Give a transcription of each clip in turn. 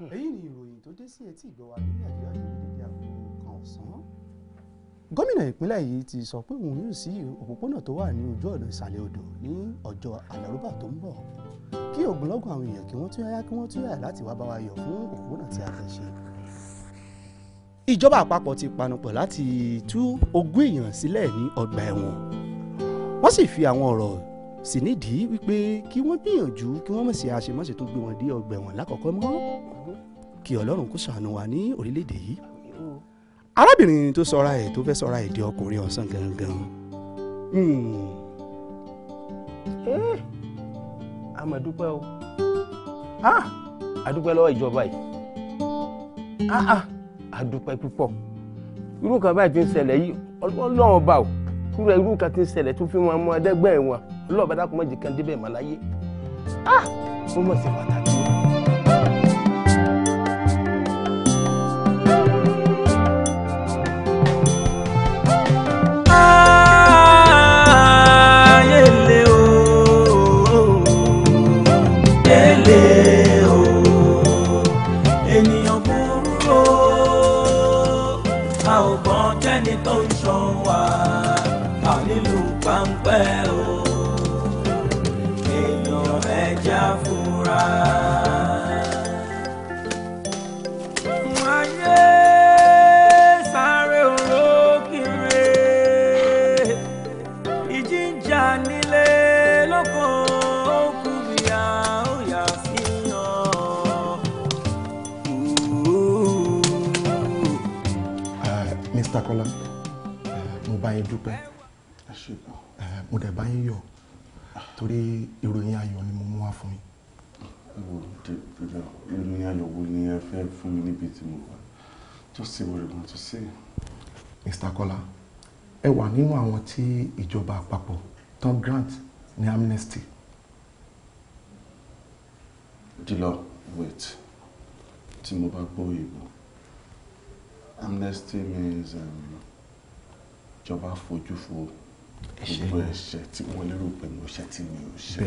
èyí ni ìròyìn tó dé sí etí ìgbọ́ wa lórí àdúrà ṣe dédé àpò kan ọ̀sán. gómìnà ìpínlẹ̀ yìí ti sọ pé òun yóò ṣí òpópónà tó wà ní ojú ọ̀nà ìsàlẹ̀ odò ní ọjọ́ àlárúbà tó ń bọ̀ kí ògbólógún àwọn èèyàn kí wọ́n tún yáyá kí wọ́n tún yáyà láti wá bá wa yọ̀ fún òpópónà tí a fẹ́ ṣe. ìjọba àpapọ̀ ti panupọ̀ láti tú ogún èèyàn sílẹ̀ ní ọgbà ẹ̀wọ̀n wọ́n sì fi àwọn ọ̀rọ̀ sì nídìí wípé kí wọ́n gbìyànjú kí wọ́n mọ̀ sí àṣemọ́sẹ̀ tó gbé wọn dé ọgbà ẹ̀wọ̀n lákọ̀ọ́kọ́ mọ́ kí ọlọ́run kó ṣàánú wa ní orílẹ̀-èdè yìí. arábìnrin tó sọra ẹ̀ tó fẹ́ sọra ẹ̀ di ọkùnrin ọ̀sán gangan. àmọ́ hmm. dúpẹ́ o àdúpẹ́ lọ́wọ́ ìjọba yìí àdúpẹ́ púpọ̀ irú kan báyìí ti ń ṣẹlẹ̀ yìí ọlọ́run bá o irú kan ti ń ṣẹlẹ̀ tó fi wọn mú adẹ́gbẹ́ wọn lọ́ọ̀bẹ dákun mọ́jì kan débẹ̀ mọ́ láyé ó ah! mọ̀ sí pàtàkì. dúpẹ́ mo dẹ̀ bá yín yọ̀ torí ìròyìn ayọ̀ ni mo mú wá fún mi. ìròyìn ayọ̀ wo ni ẹ fẹ́ fún mi níbi tí mo wà tó sì wọlé gan tó sì. Mr. Kọ́lá ẹ wà nínú àwọn tí ìjọba àpapọ̀ tom grant ní amnesty. dilo wait tí mo bá gbọ́ òyìnbó amnesty means. Um, ìjọba fojú fo gbogbo ẹ̀ṣẹ̀ tí wọ́n lérò pé mo ṣẹ̀ tí mi ò ṣe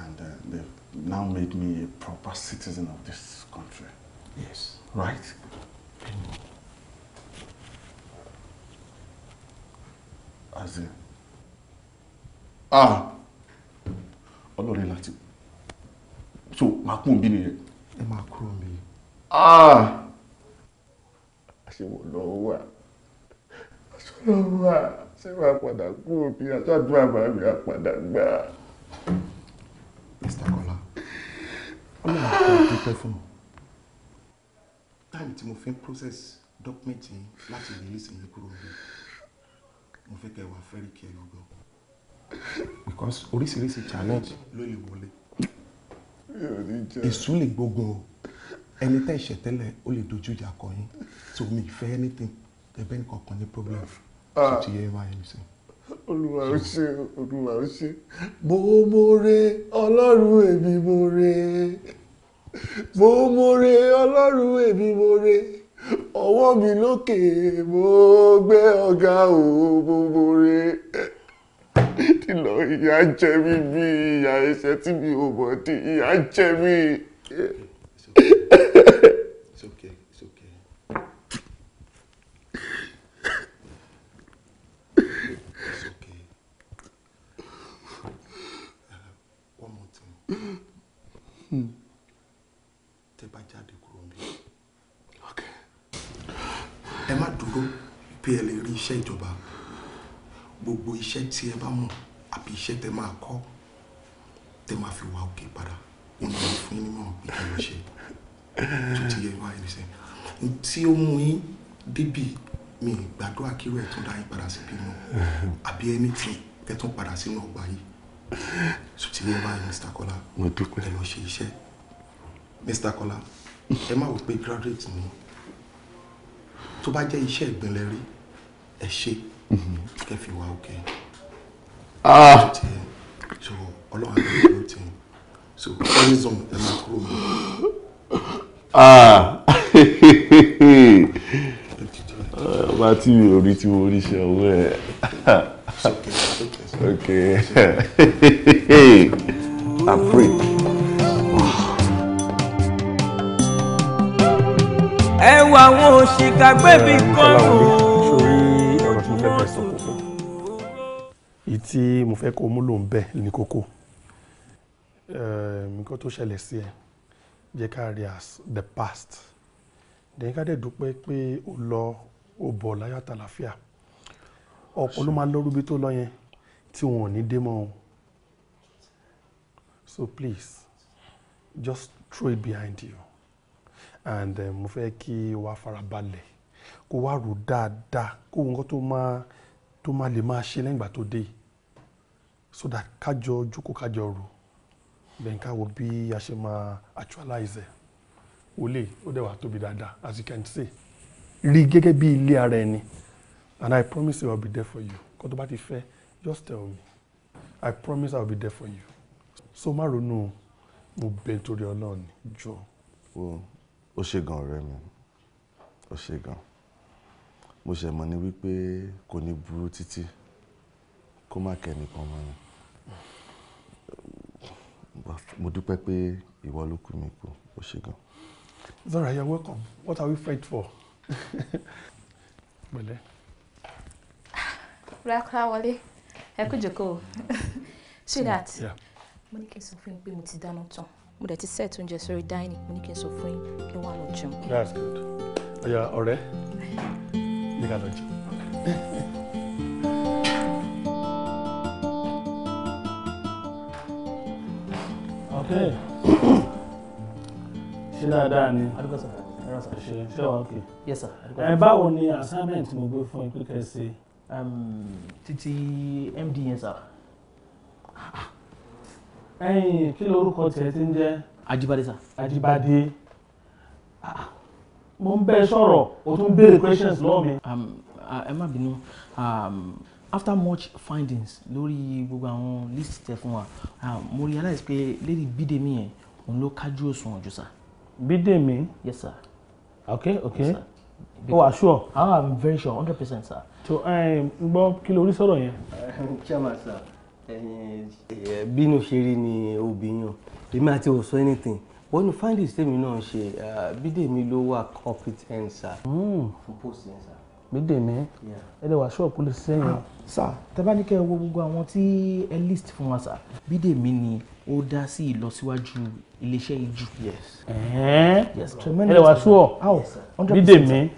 and uh, they now made me a proper citizen of this country yes right. Bẹ́ẹ̀ni. as ah ọlọ́run láti so máa kú òbí nìyẹn. ẹ máa kú òbí. ah àṣewọ̀ lọ́wọ́ wa sọ̀rọ̀ wa ṣé wàá padà kú òbí àtàdúrà bàbí àpàdà gbà. Mr. Kọ́lá ọlọ́run kò dúpẹ́ fún mi táìmù tí mo fi ń process document yìí láti release mi kúrò níbẹ̀ mo fẹ́ kẹ́ wà very careful gan. because oríṣiríṣi challenge ló lè wọlé èṣù lè gbógun o ẹni tẹ́ ìṣẹ̀tẹ́lẹ̀ ó lè dojú ìjà kọ yín so mi ì fẹ́ anything ẹbẹ́ nìkan kan ní problem tó ah. ti yẹ ẹ máa yẹ mi sí. olúwa ó ṣe olúwa ó ṣe mo mọ̀re ọlọ́run èmi mọ̀re mo mọ̀re ọlọ́run èmi mọ̀re ọwọ́ mi lókè mo gbé ọ̀gá o mo mọ̀re ìlọ ìyà jẹ mí bí ìyà ẹsẹ tí mi ò mọ̀ tí ìyà jẹ mí. pé ẹ lè rí iṣẹ́ ìjọba gbogbo iṣẹ́ tí ẹ bá mọ̀ àbí iṣẹ́ tẹ máa kọ́ tẹ máa fi wá òkè padà òun náà fún yín nímọ̀ nípa ìlú ṣe tó ti yẹ wá ìrìnsẹ̀ tí ó mú yín débì mi gbàdúrà kí irú ẹ̀ tún dá yín padà sí bímọ àbí ẹni tí ẹ tún padà sínú ọgbà yìí tó ti yẹ wá Mr. Kola mo dúpẹ́ ẹ lọ ṣe iṣẹ́ Mr. Kola ẹ má wò pé graduate ni tó bá jẹ́ iṣẹ́ ìgbìnlẹ̀ rí ẹ ṣe kẹ́ fi òkè ah. so ọlọ́run àti ìlú ti so poison ẹ máa kúrò mọ́. Ah. Ah, ọba tí mi ò rí tí mo rí ṣe ọwọ́ ẹ̀ okay i'm free. ẹ wà wọn ò ṣìkàgbẹ́bí kan o. èyí tí mo fẹ́ kó múlò ń bẹ̀ ní kókó nǹkan tó ṣẹlẹ̀ sí ẹ jẹ́ ká rí as the past dẹ̀yìn ká dẹ̀ dúpẹ́ pé o lọ o bọ̀ láyọ̀ àtàlàfíà ọ̀pọ̀ ló máa lọ́rú bí tó lọ yẹn tí wọn ò ní dé mọ́ o so please just throw it behind you and eh, mo fẹ́ kí wàá farabalẹ̀ kó wàá rò dáadáa kó nǹkan tó máa tó máa lè máa ṣe lẹ́yìn ìgbà tó dé yìí so that kájọ jókòó kájọ rò then ká wo bí a ṣe máa actualize ẹ̀ ó lè ó dẹ̀ wà tóbi dáadáa as you can see rí gẹ́gẹ́ bí ilé ara ẹni and I promise I will be there for you kó tó bá ti fẹ́ just tell me I promise I will be there for you so má ronú mo bẹ torí Ọlọ́run ni jọ. ó ṣe gan ọ̀rẹ́ mi ó ṣe gan mo ṣe mọ̀ ní wípé kò ní burú títí kó má kẹ́ nìkan mọ́ ni mo dúpẹ́ pé ìwọ ló kú mi kú ó ṣe gan. zara you are welcome what are we fight for. pẹ̀lẹ́. rákúrá wọlé ẹ kú jókòó ṣé dat mo ní kí n sọ fún yín pé mo ti dáná tán mo dẹ̀ ti set oúnjẹ sórí dining mo ní kí n sọ fún yín kí wọ́n á lọ jẹun. that's good ọ̀yà ọ̀rẹ́ yìí ká lọ jẹun. Okay. Ṣé dáadáa ni? Adúgbò Yes sir. Ẹ báwo ni assignment mo gbé fún ipé kẹsì? Um, titi MD yẹn sà. Ẹyin kí lorúkọ tiẹ̀ ti ń jẹ́? Ajibade sà. Ajibade. Ah, mo ń bẹ sọ̀rọ̀, o tún béèrè questions lọ́wọ́ mi. Um, uh, ẹ má bínú. Um, after much findings lórí gbogbo àwọn list tẹ fún wa mo realize pé lady bídèmí yẹn òun ló kájú òṣùwọ̀n jù sá. bídèmí. yes sir. okay okay. Yes, o oh, wa sure. Ah, I am very sure hundred percent sir. to eh, gbọ́ kí lórí sọ̀rọ̀ yẹn. Eh, chairman sir eh, bínú ṣe rí ni obìnrin èmi àti ò sọ anything wọ́n ní findings tèmi náà ṣe bídèmí ló wà competent sir. Hmm. fún post yẹn sir gbẹdẹmí ẹ lè wá ṣọ́ọ̀pù lè sẹ́yìn. Ah, sà tẹ́bá ní kẹ́ ẹ wo gbogbo àwọn tí ẹ list fún wa sà bídèmí ni ó dá sí ìlọsíwájú iléeṣẹ́ ìjù. ẹ lè wá ṣọ́ọ̀ bídèmí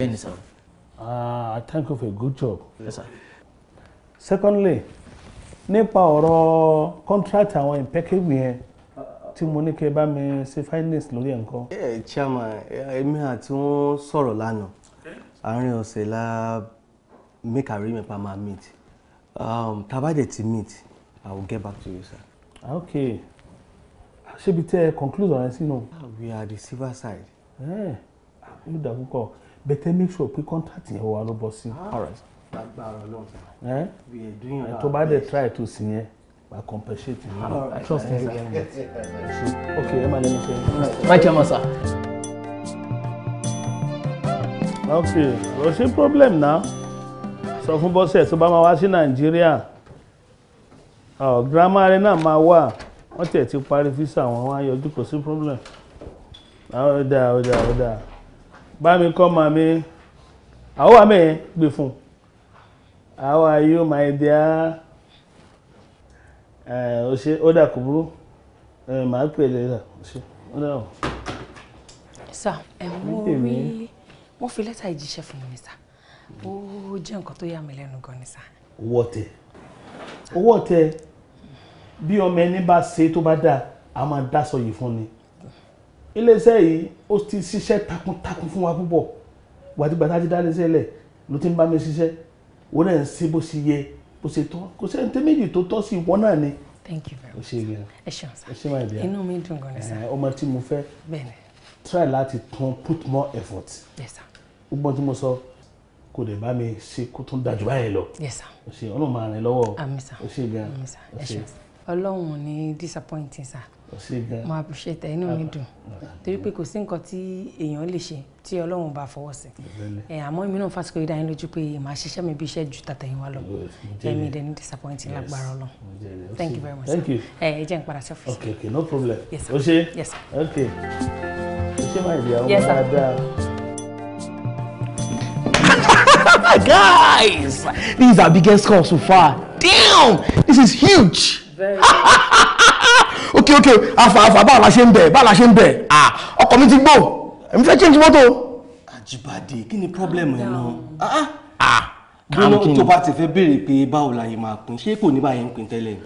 ah, I thank you for a good job. Yes, sir. secondly nípa ọ̀rọ̀ contract àwọn impeccable yẹn tí mo ní kẹ́ bá mi ṣe finance lórí ẹ̀ ń kọ́. ẹ eh, chairman eh, èmi àti wọn sọ̀rọ̀ lánàá àárín ọ̀sẹ̀ la make arrangement pa ma meet um, tàbá dẹ̀ ti meet i will get back to you sir. Ah, okay ṣébi tẹ ẹ conclude ọ̀rẹ́ sínú. Ah, we are the silver side. yóò eh, ah, dà púpọ̀ bẹ̀tẹ̀ make sure pé contact yẹn wà ló bọ̀ sí. agbára ọlọ́run sir. Eh? Eh, tó bá dẹ̀ try to sí yẹn by compensating. I trust you. Okay, ẹ máa lẹ́nu sẹ́yìn. Má jẹ́ mọ́ sá ok kò sí problem náà sọ fún bọ́sẹ̀ tó bá máa wá sí nàìjíríà girama rẹ náà máa wà wọ́n tiẹ̀ ti parí físà wọn wá yọjú kò sí problem ọ̀dà ọ̀dà ọ̀dà bá mi kọ́ màá mi àwọn àmì ẹ̀ gbé fún how are you my dear ẹ̀ ọ ṣe ó dà kò burú ẹ̀ màá pè é lẹ́yìn ọ̀ṣẹ́ ó dà o. sà ẹ̀ wọ́n rí wọ́n fi lẹ́tà ìjíṣẹ́ fún mi sá ó jẹ́ nǹkan tó yà mí lẹ́nu gan ni sá. owó ọ̀tẹ̀ owó ọ̀tẹ̀ bí ọmọ ẹni bá ṣe tó bá dáa a máa dáṣọ yìí fún ni iléeṣẹ́ yìí ó ti ṣiṣẹ́ takuntakun fún wa púpọ̀ gbàtígbà tá a ti dá iléeṣẹ́ lẹ̀ ló ti ń bá mi ṣiṣẹ́ òun náà ń ṣe bó ṣe yẹ bó ṣe tọ́ kò sẹ́ni tẹ́ méjì tó tọ́ sí ìwọ náà ni. thank you very much ẹ ṣeun sá ẹ ṣe máa bíyà inú mi dùn gan ni sá ọmọ tí mo fẹ́ try láti tún put more effort. Yes, sir gbogbo tí mo sọ kò lè bá mi ṣe kó tún dájú báyìí lọ o ṣe ọlọ́run máa rìn lọ́wọ́ o ṣe gan o ṣe. ọlọ́run ní disappointing sir mo appreciate ẹ inú mi dùn torí pé kò sí nǹkan tí èèyàn lè ṣe tí ọlọ́run bá fọwọ́ sí ẹ àmọ́ èmi náà fásitì kò yí dání lójú pé màá ṣiṣẹ́ mi bí iṣẹ́ ju tàtẹ̀yìn wa lọ ẹ̀mí dẹ̀ ní disappointing lágbára ọlọ́run thank you very much ẹ ẹ jẹ́ n padà sí ọ́fíìsì. okay okay no problem o ṣe okay o ṣe máa yẹ àwọn ọmọ dáadáa. Wow, guys, this is our biggest call so far. Damn, this is huge. okay, okay, afa afa báwo la ṣe ń bẹ̀ báwo la ṣe ń bẹ̀ ah ọkọ mi ti gbó èmi fẹ́ change mọ́tò. Àjíbádé kí ni problem ẹ náà ah, ah. ah, ah gbóná tó bá ti fẹ́ béèrè pé báwo la yìí máa pín ṣé kò ní báyìí ń pín tẹ́lẹ̀.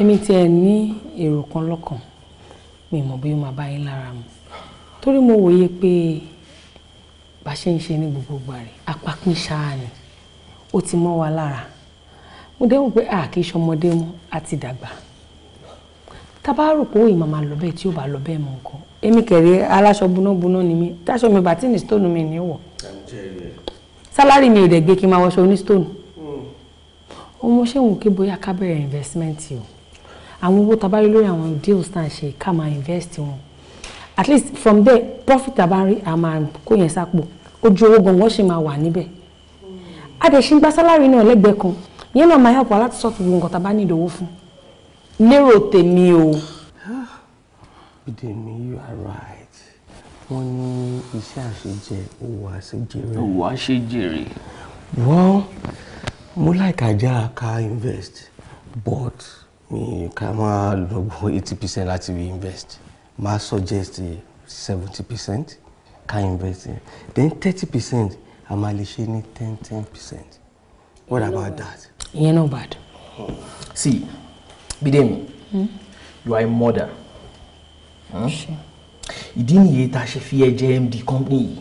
èmi tiẹ̀ ní èrò kan lọ́kàn mi ò mọ̀ bí ó máa bá yín lára mu torí mo wòye pé bá ṣe ń ṣe ní gbogbo ìgbà rẹ̀ ṣáà ni ó ti mọ́ wa lára mo dẹ́wọ̀n pé a kì í ṣọmọdé mọ́ a ti dàgbà tá a bá rò pé òyìnbó máa lọ bẹ́ẹ̀ tí ó bá lọ bẹ́ẹ̀ mọ́ nǹkan èmi kẹ̀rẹ́ aláṣọ bunábuná ni mí táṣọ mi bàtí ní stone mi ní wọ̀ sálárì mi ò dẹ̀ gbé kí n máa wọṣọ ní stone ọmọ ṣé wù kí bóyá ká bẹ̀rẹ̀ investment o àwọn owó tá a bá rí lórí àwọn deals tá à ń ṣe ká máa invest wọn at least from there profit tá a bá rí a máa kó yẹn sápò ojú owó gangan ṣì máa wà níbẹ̀ adẹ̀síngbà sálárì náà lẹ́gbẹ̀ẹ́ kan yẹn náà máa help wa láti sọ́ọ̀tù gbogbo nǹkan tá a bá ní ìdòwò fún lérò tèmi o. Bídèmí ah, you are right wọ́n ní iṣẹ́ àṣejẹ owó àṣejèrè. owó àṣejèrè. wọ́n mo like ajá ká invest but mi ká máa lọ gbọ́ eighty percent láti invest máa suggest seventy percent ká invest in then thirty percent a máa lè ten ten percent what about that. ìyẹn no bad. see Bídèmí hmm? you are a mother. Hmm? Sure you nìyí tá a ṣe fi ẹ company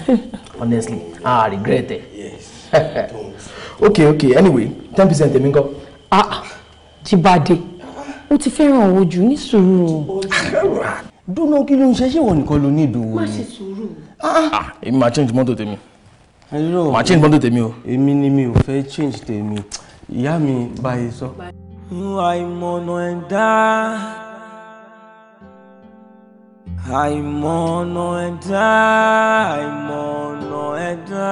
honestly i regret it. Yes, okay okay anyway ten percent èmi ńkọ́. ah ti What if dé o ti fẹ́ràn owó jù dúnà kí ló ń ṣe ṣé ìwọ nìkan ló ní ìdòwò ni. Ah, ah. Ah, èmi máa change mọ́tò tèmi máa change mọ́tò tèmi o. èmi ni mi ò fẹ́ change tèmi ìyá mi báyìí sọ. àìmọ̀nà ẹ̀dá àìmọ̀nà ẹ̀dá àìmọ̀nà ẹ̀dá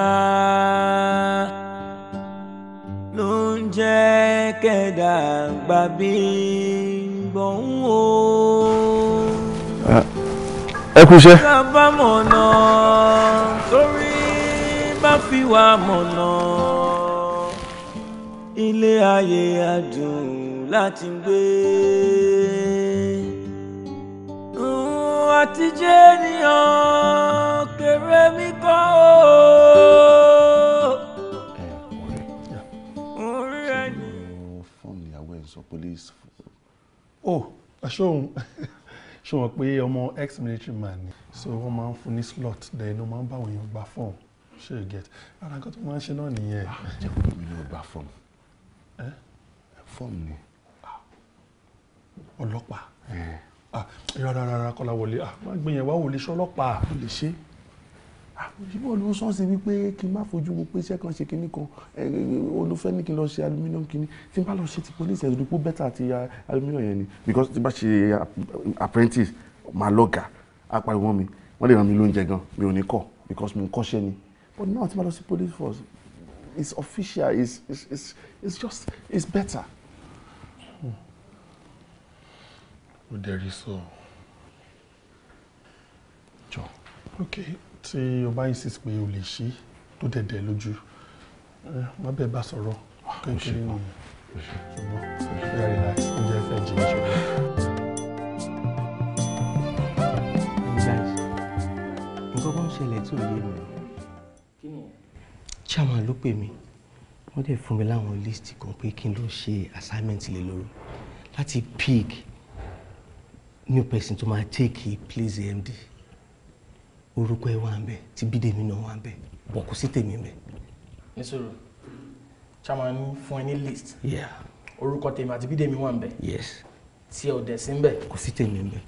ló ń jẹ́ kẹ́dà gbàgbé gbọ̀n ẹ kú iṣẹ́. bá mọ̀nà torí bá fi wá mọ̀nà ilé ayé adùn láti gbé. àtijọ́ ènìyàn kéré mi kọ́ o. orí ẹni. fọ́ọ̀nù ìyàwó ẹ̀ police. oh aṣọ òun. ṣé wọn pé ọmọ ex military man ni so wọn máa ń fún ní slot then wọn máa ń bá àwọn èèyàn gba fọ́ọ̀mù ṣé you get ara nǹkan tó máa ń ṣe náà nìyẹn. Ah, jẹ́ kó mi lọ gba fọ́ọ̀mù eh, fọ́ọ̀mù ni ah. ọlọ́pàá eh. ah, rárá rárá kọ́lá wọlé má gbìyànjú wá wọlé ṣọlọ́pàá. ó lè ṣe é àbújúbọ̀ ló sọ́ọ̀sì wípé kí n má fojú wo pé iṣẹ́ kan ṣe kinní kan olùfẹ́ ní kí n lọ ṣe aluminium kinní tí n bá lọ ṣe ti police ẹ̀sùn dúpọ̀ bẹ́tà àti aluminium yẹn ni because tí n bá ṣe apprentice máa lọ́gà apariwo mi wọ́n lè ràn mí lóúnjẹ gan mi ò ní kọ̀ because mi ń kọ́ṣẹ́ ni but now tí n bá lọ sí police force it's official it's, it's, it's, it's just it's better. ó dẹ̀rí sọ. jọ. okay tí o bá insist pé o lè ṣí tó dẹ̀dẹ̀ lójú má bẹ́ẹ̀ bá sọ̀rọ̀ ah, kékeré nìyẹn ṣùgbọ́n yàrá ìlà ìjẹ́ ìfẹ́ jìnnà ṣùgbọ́n. nǹkan kan ṣẹlẹ̀ tí ò yé mi chairman ló pè mí wọ́n dẹ̀ fún mi láwọn list kan pé kí n lọ ṣe assignment lè lóru láti pick new person tó máa take place AMD orúkọ ẹ wà ń bẹ tí bídèmí náà wà ń bẹ bọ̀ kò sí tèmi ń bẹ. nísòro chairman fún ẹ ní list orúkọ tèmi àti bídèmí wà ń bẹ tí ẹ ò dẹ̀ sí ń bẹ. kò sí tèmi ń bẹ.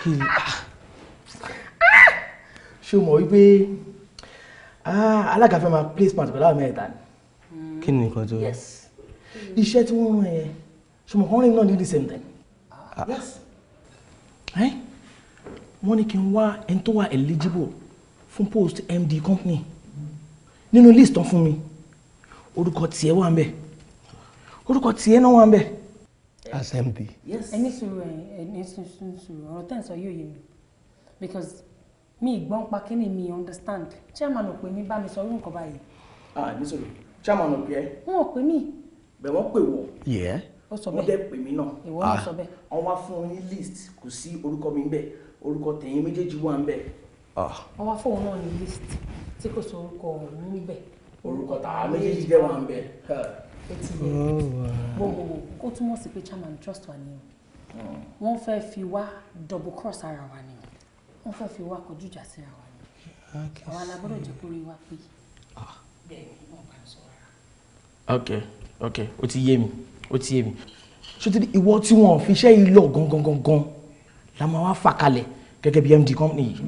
kí ni ah. ṣé o mọ̀ wípé ah, alága fẹ́ máa place part pẹ̀lú àwọn mẹ́ta ni. kí ni nǹkan tó. iṣẹ́ tí wọ́n rán yẹn ṣùgbọ́n kọ́rin náà ní the same thing. Ah. yes. Eh? wọ́n ní kí n wá ẹni tó wà eligible fún post MD company nínú list tán fún mi orúkọ tiẹ̀ wà ń bẹ̀ orúkọ tiẹ̀ náà wà ń bẹ̀. as MD. ẹni sùúrù ẹni sùúrù ọ̀rọ̀ tẹ́ ẹ̀ sọ yóò yé mi because mi ìgbọ́n pa kí ni mi understand chairman ò pè mí bá mi sọ orí nǹkan báyìí. ah nísòrò chairman ò pè ẹ́. wọn ò pè mí. bẹ̀ wọ́n pè wọ́n. yẹ́ ó sọ bẹ́ẹ̀ wọ́n dẹ̀ pè mí náà. ìwọ ló ah. sọ bẹ́ẹ̀. wọ́n wá fún un ní list kò sí orúkọ mi ń bẹ̀ orúkọ tẹ̀yìn méjèèjì wà ń bẹ̀. Ah. wọ́n wá fóun náà ní list tí kò sí orúkọ ọ̀hún níbẹ̀. orúkọ tàwa méjèèjì jẹ́ wà ń bẹ̀. gbogbo oh, kó túmọ̀ sí pé chairman trust wa ni o hmm. wọ́n fẹ́ fi wá double cross ara wa ni o wọ́n fẹ́ fi wá kọjú ìjà síra wa ni o àwa la gbọ́dọ̀ jẹ́ kó rí wa pé ah. bẹ́ẹ̀ ni wọ́n bá sọ ara. ok ok O ti yé mi O ti yé mi ṣé ìwọ tí wọn ò fi iṣẹ́ yìí lọ gangan gangan la máa wá fà kalẹ̀ gẹ́gẹ́ bí md company yìí.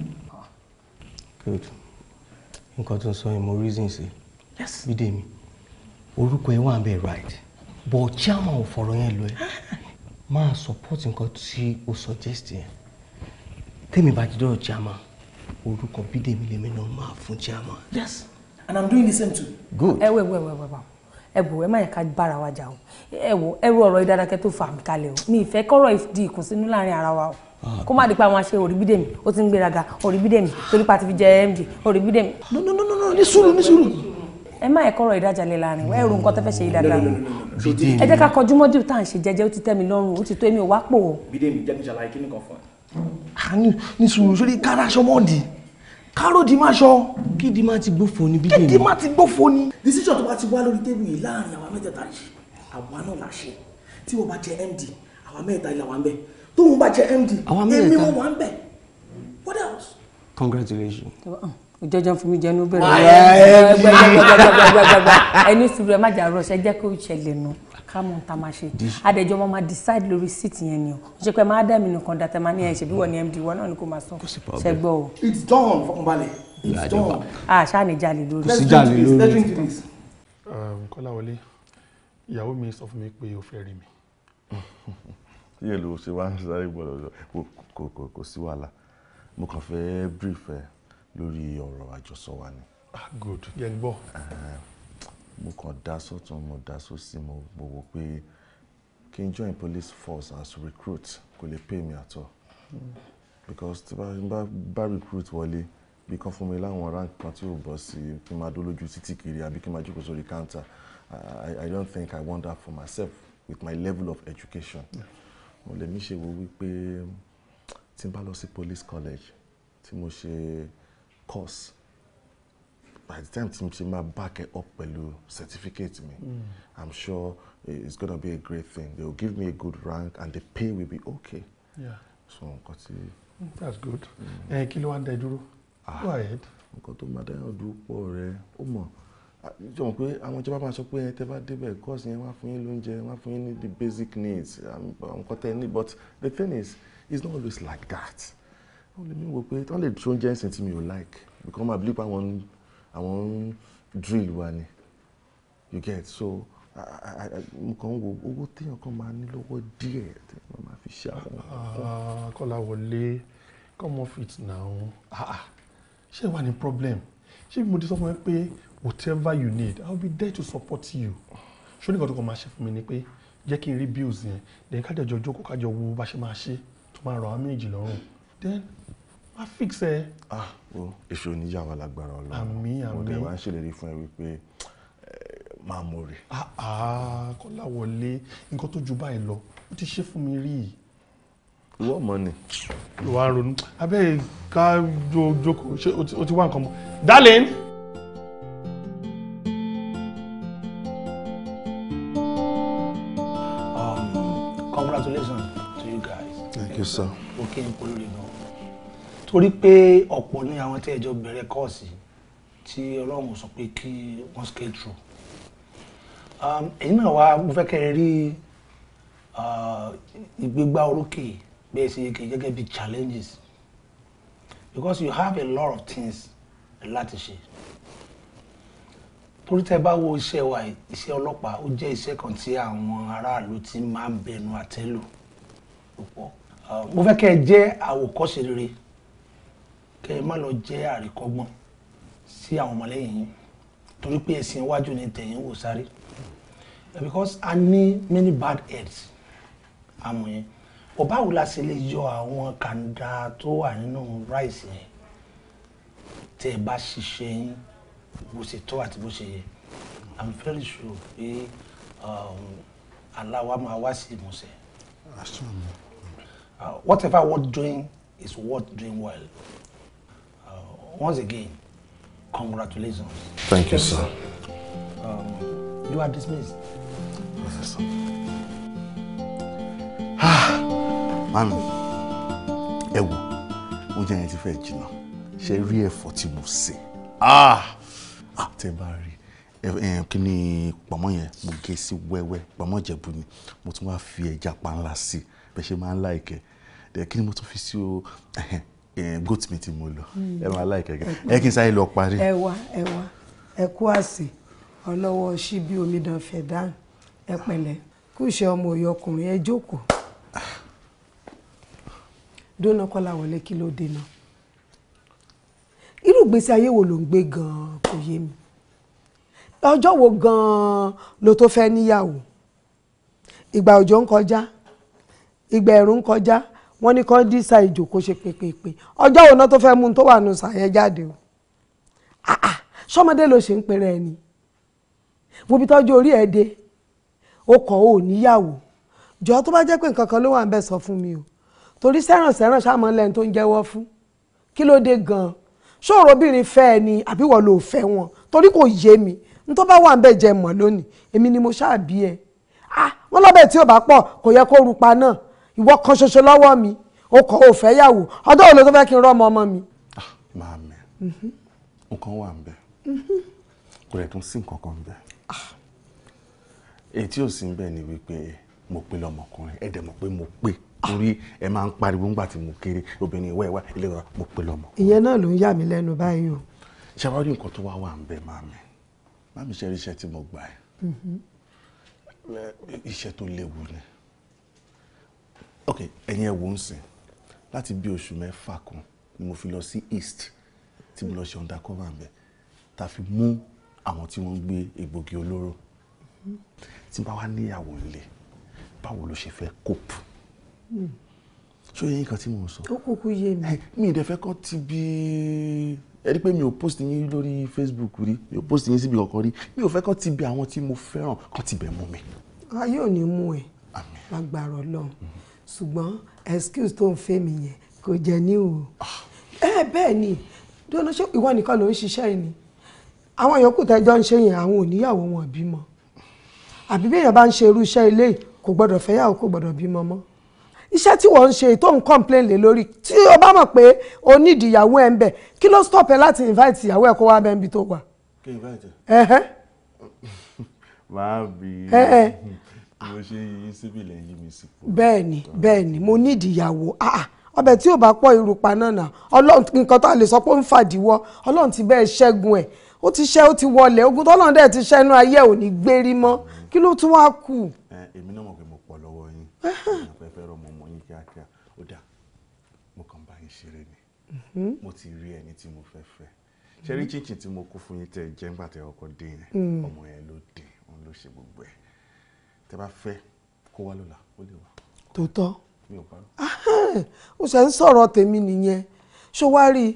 good nǹkan tó ń sọ yẹn mo reason sí. yes Bídèmí orúkọ ẹ wà bẹ́ẹ̀ right but chairman ò fọ̀rọ̀ yẹn lọ ẹ ah. máa support nǹkan tí o suggest yẹn tèmi bá ti dọ̀rọ̀ chairman orúkọ Bídèmí lèmi náà máa fún chairman. yes and i'm doing the same too. good ẹ wẹ wẹ wẹ wẹ wẹ ẹ bò ẹ má yẹ ká bára wa jà o ẹ wo ẹ ro ọ̀rọ̀ ìdádákẹ́ tó fà mí kalẹ̀ o mi ìfẹ́ kọ́rọ̀ di ìkùnsínú láàrin ara wa o kó má di pé àwọn aṣe òrìbídè mi ó ti ń gbéraga òrìbídè mi torí pa ti fi jẹ md òrìbídè mi. no no no no ní sùúrù ní sùúrù. ẹ má ẹ̀kọ́ ọ̀rọ̀ ìdájà lè láàrin ẹ rò nǹkan tó fẹ́ ṣe yìí dáadáa ẹ jẹ́ ká kọjú mọ́ díò tá à ń ṣe jẹ́jẹ́ ó ti tẹ́ mi lọ́rùn ó ti tó èmi ò wá pò ó. bídè mi jẹ́ mi ṣàlàyé kí nìkan fún ẹ. ní sùúrù sórí kára aṣọ mọ́ọ̀dì káròdì máa ṣọ kídi máa ti gbófo ni bídè mi kídi máa ti gbófo ni. decision tó bá ti wá lórí tébù yìí láàrin àwa mẹ́tẹ̀ẹ̀ta yìí àwa náà la ṣe tí md àwa mẹ́ta ìlà wa ń bẹ̀ tóun bá jẹ md èmi mo wà ń bẹ what else. congratulations. Ah, jẹjẹrẹ fún mi jẹ inú bẹ̀rẹ̀ gbẹgbẹgbẹgbẹgbẹgbẹ ẹni sùúrù ẹ má jà rush ẹ jẹ́ kó ṣẹlẹ̀ nù kámọ̀ tá a máa ṣe adẹjọ́ wọn máa decide lórí seat yẹn ni o ṣe pé máa dá mi nìkan dàtẹ́ máa ní ẹ̀ ṣe bí wọ́n ní md wọn náà ni kò máa sọ ṣẹgbọ́ o. it's done fọkànbalẹ̀ it's done. a ṣáà ní jalè lórí. kò sí jalè lórí. Um, kọ́láwọlé ìyàwó mi sọ fún mi pé o fẹ́ rí mi. tí èlò ṣe wá ń sáré gbọ́dọ̀ kò kò kò sí wàhálà mo kàn fẹ́ brief ẹ lórí ọ̀rọ̀ àjọsọ wa ni. ah good yẹn bọ. mo kàn dá sọ́tún mo dá sósì mo mo wò pé kí n join police force as recruit kò lè pay me at all because tí bá bá recruit wọlé bí kan fún mi láwọn rank kan tí ò bọ́ sí kí n máa dó lójú títì kiri àbí kí n máa jókòó sórí counter I, I don't think I want that for myself with my level of education. Yeah mo lè mí ṣe wo wípé tí n bá lọ sí police college tí mo ṣe course by the time tí mo ṣe máa back it up pẹ̀lú certificate mi hmm. i'm sure it's gonna be a great thing they will give me a good rank and the pay will be okay. Yeah. so nǹkan tí. that's good. Hmm. Eh, kí ló wá ń dẹ dúró. Ah, go ahead. nǹkan tó máa dẹ́yàn dúró pọ̀ rẹ ó mọ̀ jọ mọ̀ pé àwọn ìjọba máa sọ pé ẹ tẹ́ bá débẹ̀ course yẹn wá fún yín lóúnjẹ wá fún yín ní the basic needs um, nǹkan tẹ́ ní but the thing is it's not always like that wọ́n lè mí wò pé wọ́n lè tún oúnjẹ ẹ̀sìn tí mi ò like because my belief àwọn àwọn drill wa ni you get so mo kàn ń wo owó téèyàn kan máa ní lọ́wọ́ díẹ̀ téèyàn máa fi ṣe àwọn ah, kọ́lá wọlé come off it now ah, ah, ṣé wà ní problem ṣé mo ti sọ fún ẹ pé whatever you need i will be there to support you ṣó ní nǹkan tó kàn máa ṣe fún mi ni pé jẹ́ kí n rí bills yẹn then kájọ jọ jókòó kájọ wo bá ṣe máa ṣe tó máa rọ àwọn méjì lọ́rùn then máa fix ẹ. ah o èso oníyà wa lágbára Ọlọ́run àmín àmín mo dẹ̀ wá ń ṣèlérí fún ẹ wípé eh, máa mórè. ah ah Kọ́láwọlé nǹkan tó ju báyìí lọ ó ti ṣe fún mi rí i ìwọ mọ ni. ìwà ronú abẹ́ ká jókòó ṣé o ti wá nǹkan mọ́ darlene. thank you sir. mo kí n kó lórí gan torí pé ọ̀pọ̀ ní àwọn tí ẹjọ́ bẹ̀rẹ̀ kọ́ọ̀sì tí ọlọ́run sọ pé kí wọ́n scale through èyí um, náà wá mo fẹ́ kẹ́rẹ́ rí uh, ìgbégbá orókè bẹ́ẹ̀ sì yege gẹ́gẹ́ bí challenges because you have a lot of things láti ṣe torí tẹ́ bá wo iṣẹ́ wa iṣẹ́ ọlọ́pàá ó jẹ́ iṣẹ́ kan tí àwọn aráàlú ti máa ń bẹnu àtẹ́lù púpọ̀ mo fẹ́ kẹ́ ẹ jẹ́ àwòkọ́ṣe rere kẹ́ ẹ má lọ jẹ́ àríkọ́gbọ́n sí àwọn ọmọlẹ́yìn yín torí pé ẹ̀sìn iwájú ni tẹ̀yìn wò sáré because a ní many bad heads àmọ̀ yẹn ọ̀ báwo la ṣe lè yọ àwọn kàńdà tó wà nínú ráìsì yẹn tẹ́ ẹ bá ṣiṣẹ́ yín bó ṣe tọ́ àti bó ṣe yẹ i'm very sure pé aláwa um, máa wá sí ìmúṣẹ. Uh, whatever worth doing is worth doing well. Uh, once again, congratulations. Thank you, sir. Um, you are dismissed. Yes, sir. Mami, ẹ wo, oúnjẹ yẹn ti fẹ́ jìnnà, ṣe rí ẹ̀fọ́ tí mo sè. Ah, ah, tẹ bá rí kí ni pọ̀mọ́ yẹn mo gé e sí wẹ́wẹ́, pọ̀mọ́ jẹ̀bú ni, mo tún wá fi ẹja panla sí i, bẹ́ẹ̀ ṣe máa ń láìkẹ́ dẹ̀ kí ni mo tún fi sí o goat meat mo lọ hmm. ẹ máa láìka gẹ ẹ kí n sáré lọ parí. ẹ wá ẹ wá ẹ kú àsè ọlọ́wọ́ sí bí omidan fẹ̀dán ẹ pẹ̀lẹ́ kú iṣẹ́ ọmọ òye ọkùnrin ẹ jókòó. dóná kọ́lá wọlé kí ló dé náà irú ìgbésí ayé wo ló ń gbé gan-an kò yé mi ọjọ́ wo gan-an ló tó fẹ́ níyàwó ìgbà òjò ń kọjá ìgbà ẹ̀rùn ń kọjá wọ́n ní kọ́ dísà ìjòkó ṣe pépépé ọjọ́ wo náà tó fẹ́ mú un tó wà nù sàyẹn jáde o sọmọdé ló ṣe ń pèrè ẹ ni wo bí tọ́jú orí ẹ dé o kàn ó níyàwó jọ tó bá jẹ́ pé nǹkan kan ló wà ń bẹ̀ sọ fún mi o torí sẹ́ràn sẹ́ràn ṣáàmọ́ lẹ́nu tó ń jẹ́wọ́ fún kí ló dé gan-an ṣòro obìnrin fẹ́ ẹ ni àbí wọ́n ló fẹ́ wọn torí kò yé mi n tó bá wà ń bẹ̀ jẹ mọ̀ lónìí èmi ni mo ṣáà bí ẹ ah wọn lọ́bẹ̀ tí ò bá pọ̀ kò yẹ kó rupa náà ìwọ kan ṣoṣo lọ́wọ́ mi o kọ o fẹ́ yàwó ọdọ́ wo ló fẹ́ kí n rọ́mọ ọmọ mi. Ah, màá mi nǹkan wà ń bẹ kò rẹ̀ tún sí nǹkan kan ń ah. èyí tí ò sí ń ni wípé mo pe lọmọkùnrin ẹ dẹ̀ mọ̀ pé mo pe torí ẹ máa ń pariwo ńgbà tí mo kéré obìnrin ìwẹ́ ìwá ilé wa mo pe lọmọ. ìyẹn náà ló ń yà mí lẹ́nu báyìí o. ṣàwárí nǹkan tó wá wà ń bẹ mi màá mi ṣe iṣẹ́ tí mo gbà ẹ́ mm-hmm. iṣẹ́ tó léwu ni ok ẹ̀yin ẹ̀ wò ń sìn láti bí oṣù mẹ́fà kan ni mo fi lọ sí east tí mo lọ ṣe undercover ń bẹ̀ tá a fi mú àwọn tí wọ́n ń gbé egbògi olóró tí bá wá níyàwó ilé báwo ló ṣe fẹ́ cope ṣó yẹ yín kan tí mo sọ. ó kúkú yé mi. mi ì dẹ̀ fẹ́ ti bí ẹ rí pé mi ò post yín lórí Facebook rí mi ò post yín síbi kankan rí mi ò fẹ́ kọ́ ti bí àwọn tí mo fẹ́ràn kọ́ ti bẹ̀ mú mi. ayé ò ní mú ẹ lágbára Ọlọ́run ṣùgbọ́n excuse tó ń fẹ́ mi yẹn kò jẹ́ ní o. bẹ́ẹ̀ ni dúró ṣé ìwọ nìkan ló ń ṣiṣẹ́ yìí ni àwọn yòókù tẹ́jọ́ ń ṣe yẹn àwọn òníyàwó wọn bímọ àbí bí èèyàn bá ń ṣe irú iṣẹ́ ilé kò gbọ́dọ̀ fẹ́yàwó kò gbọ́dọ̀ bímọ mọ́ iṣẹ́ tí wọ́n ń ṣe tó ń complain lé lórí tí o bá mọ̀ pé o need ìyàwó ẹ̀ ń bẹ̀ kí ló stop ẹ láti invite ìyàwó ẹ̀ kó wá bẹ́ẹ̀ níbi tó wà. kí invite ẹ. máa bí mo ṣe yín síbìlẹ̀ yí mi sí. bẹ́ẹ̀ni bẹ́ẹ̀ni mo nídìí ìyàwó ah, ah, ọbẹ̀ tí ò bá pọ̀ irú pa náà nà ọlọ́run nǹkan tá a lè sọ pé ó ń fàdíwọ́ ọlọ́run ti bẹ́ẹ̀ ṣẹ́gun ẹ̀ ó ti ṣẹ́ ó ti wọlé ogun tọ́lọ́run dẹ̀ ti ṣẹ́ inú ayé ò gbérí mọ́ kí ló tún wá kù. èmi náà mọ̀ pé mo pọ̀ lọ́wọ́ yín afẹ́fẹ́ rọ mọ ọmọ yín kíákíá ó dà mo kàn bá yín ṣeré ni mm-hmm. mo ti rí ẹni tí mo fẹ́ fẹ́ ṣe rí mm-hmm. chinchin tí mo kú fún yín tẹ́ jẹ́ ńgbà tẹ́ ọkọ̀ dé yẹn mm. ọmọ yẹn ló dé òun ló ṣe gbogbo ẹ̀ tẹ bá fẹ́ kó wá lọ́la ó lè wá. tòótọ́ ṣe ń sọ̀rọ̀ tèmi nìyẹn ṣó wá rí